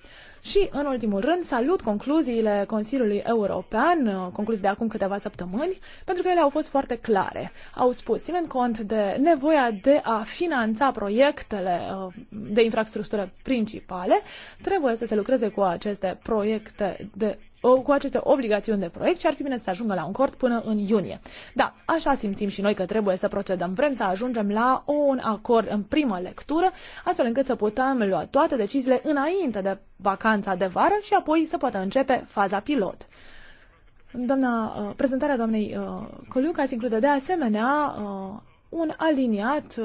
Și, în ultimul rând, salut concluziile Consiliului European, concluzii de acum câteva săptămâni, pentru că ele au fost foarte clare. Au spus, ținând cont de nevoia de a finanța proiectele uh, de infrastructură principale, trebuie să se lucreze cu aceste proiecte de cu aceste obligațiuni de proiect și ar fi bine să ajungă la un acord până în iunie. Da, așa simțim și noi că trebuie să procedăm. Vrem să ajungem la un acord în primă lectură, astfel încât să putem lua toate deciziile înainte de vacanța de vară și apoi să poată începe faza pilot. Doamna, uh, prezentarea doamnei uh, Coliuca include de asemenea uh, un aliniat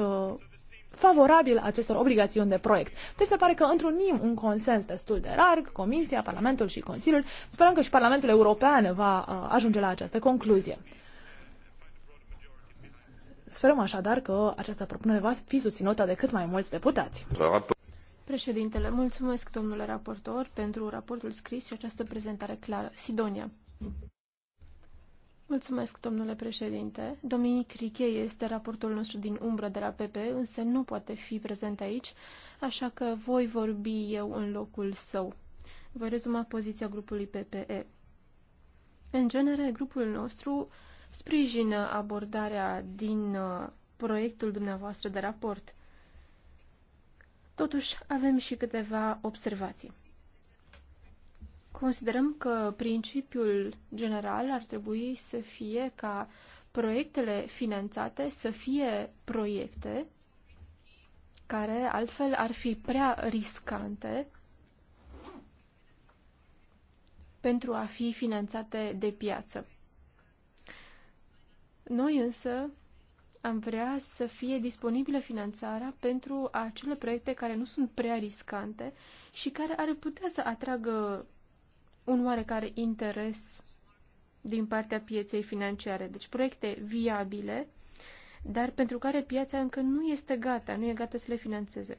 favorabil acestor obligațiuni de proiect. Deci se pare că întrunim un consens destul de larg, Comisia, Parlamentul și Consiliul. Sperăm că și Parlamentul European va uh, ajunge la această concluzie. Sperăm așadar că această propunere va fi susținută de cât mai mulți deputați. Președintele, mulțumesc domnule raportor pentru raportul scris și această prezentare clară. Sidonia. Mulțumesc, domnule președinte. Dominic Riche este raportul nostru din umbră de la PP, însă nu poate fi prezent aici, așa că voi vorbi eu în locul său. Voi rezuma poziția grupului PPE. În genere, grupul nostru sprijină abordarea din uh, proiectul dumneavoastră de raport. Totuși, avem și câteva observații. Considerăm că principiul general ar trebui să fie ca proiectele finanțate să fie proiecte care altfel ar fi prea riscante pentru a fi finanțate de piață. Noi însă am vrea să fie disponibilă finanțarea pentru acele proiecte care nu sunt prea riscante și care ar putea să atragă un oarecare interes din partea pieței financiare. Deci proiecte viabile, dar pentru care piața încă nu este gata, nu e gata să le financeze.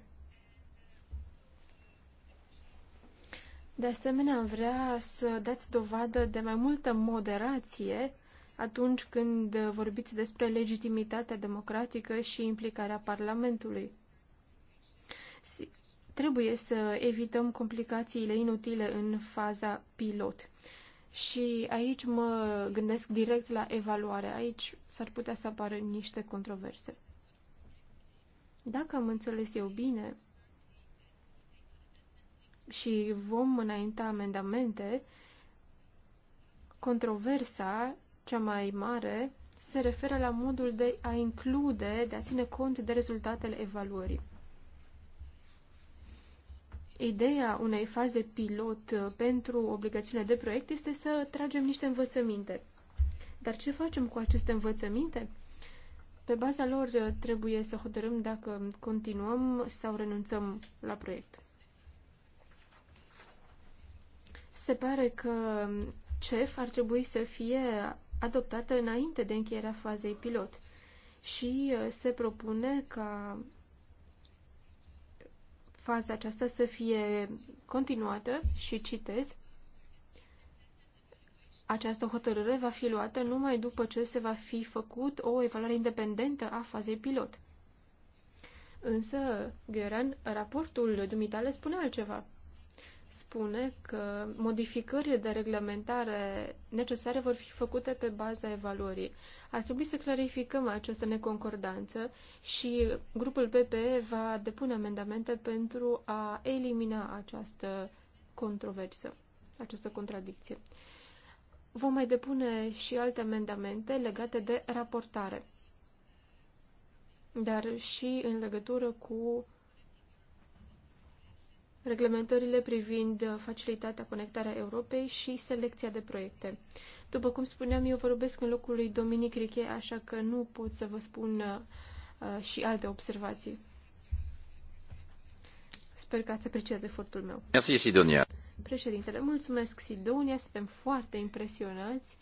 De asemenea, am vrea să dați dovadă de mai multă moderație atunci când vorbiți despre legitimitatea democratică și implicarea Parlamentului. Trebuie să evităm complicațiile inutile în faza pilot. Și aici mă gândesc direct la evaluare. Aici s-ar putea să apară niște controverse. Dacă am înțeles eu bine și vom înainta amendamente, controversa cea mai mare se referă la modul de a include, de a ține cont de rezultatele evaluării. Ideea unei faze pilot uh, pentru obligațiunea de proiect este să tragem niște învățăminte. Dar ce facem cu aceste învățăminte? Pe baza lor uh, trebuie să hotărâm dacă continuăm sau renunțăm la proiect. Se pare că um, CEF ar trebui să fie adoptată înainte de încheierea fazei pilot și uh, se propune ca faza aceasta să fie continuată și citez. Această hotărâre va fi luată numai după ce se va fi făcut o evaluare independentă a fazei pilot. Însă, Gheran, raportul dumitale spune altceva. Spune că modificările de reglementare necesare vor fi făcute pe baza evaluării. Ar trebui să clarificăm această neconcordanță și grupul PPE va depune amendamente pentru a elimina această controversă, această contradicție. Vom mai depune și alte amendamente legate de raportare, dar și în legătură cu reglementările privind facilitatea conectarea Europei și selecția de proiecte. După cum spuneam, eu vorbesc în locul lui Dominic Riche, așa că nu pot să vă spun uh, uh, și alte observații. Sper că ați apreciat efortul meu. Merci, Sidonia. Președintele, mulțumesc, Sidonia. Suntem foarte impresionați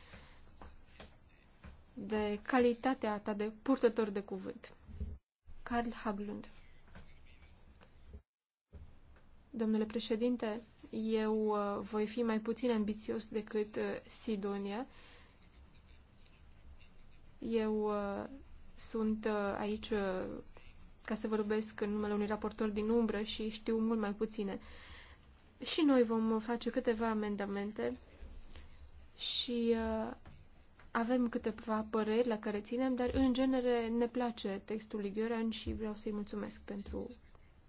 de calitatea ta de purtător de cuvânt. Carl Haglund. Domnule președinte, eu uh, voi fi mai puțin ambițios decât uh, Sidonia. Eu uh, sunt aici ca să vorbesc în numele unui raportor din umbră și știu mult mai puține. Și noi vom face câteva amendamente și avem câteva păreri la care ținem, dar în genere ne place textul lui și vreau să-i mulțumesc pentru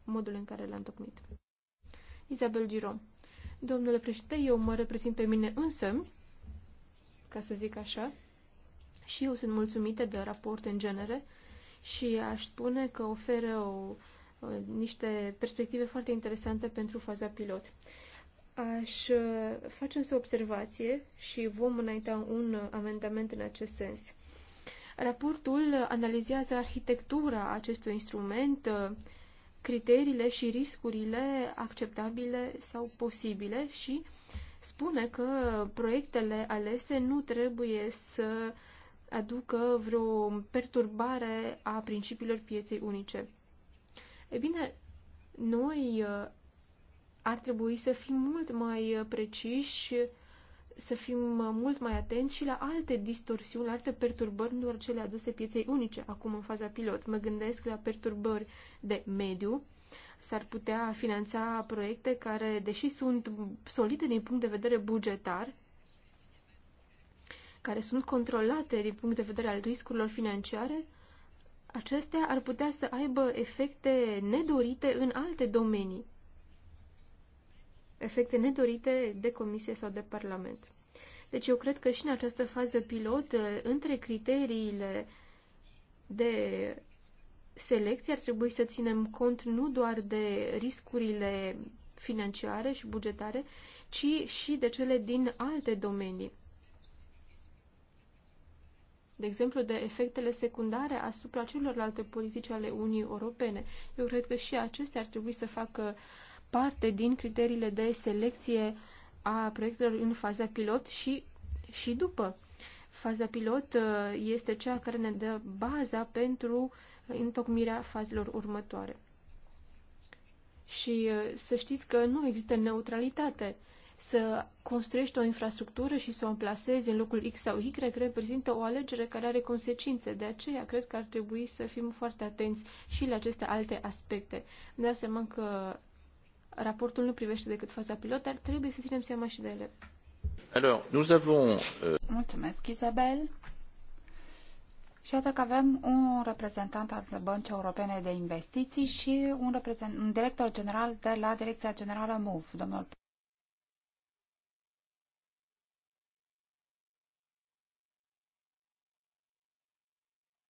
modul în care l-a întocmit. Isabel Duron. Domnule președinte, eu mă reprezint pe mine însă, ca să zic așa, și eu sunt mulțumită de raport în genere și aș spune că oferă o, niște perspective foarte interesante pentru faza pilot. Aș uh, face însă observație și vom înainta un amendament în acest sens. Raportul analizează arhitectura acestui instrument, uh, criteriile și riscurile acceptabile sau posibile și spune că proiectele alese nu trebuie să aducă vreo perturbare a principiilor pieței unice. E bine, noi uh, ar trebui să fim mult mai uh, preciși să fim uh, mult mai atenți și la alte distorsiuni, la alte perturbări, nu doar cele aduse pieței unice, acum în faza pilot. Mă gândesc la perturbări de mediu. S-ar putea finanța proiecte care, deși sunt solide din punct de vedere bugetar, care sunt controlate din punct de vedere al riscurilor financiare, acestea ar putea să aibă efecte nedorite în alte domenii efecte nedorite de comisie sau de Parlament. Deci eu cred că și în această fază pilot, uh, între criteriile de selecție ar trebui să ținem cont nu doar de riscurile financiare și bugetare, ci și de cele din alte domenii. De exemplu, de efectele secundare asupra celorlalte politici ale Unii Europene. Eu cred că și acestea ar trebui să facă uh, parte din criteriile de selecție a proiectelor în faza pilot și, și după. Faza pilot uh, este cea care ne dă baza pentru întocmirea fazelor următoare. Și uh, să știți că nu există neutralitate. Să construiești o infrastructură și să o amplasezi în locul X sau Y reprezintă o alegere care are consecințe. De aceea, cred că ar trebui să fim foarte atenți și la aceste alte aspecte. Îmi dau seama că raportul nu privește decât faza pilot, dar trebuie să ținem seama și de ele. Alors, nous avons, uh... Mulțumesc, Isabel. Și atât că avem un reprezentant al Băncii Europene de Investiții și un, reprezent, un director general de la Direcția Generală MUV, domnul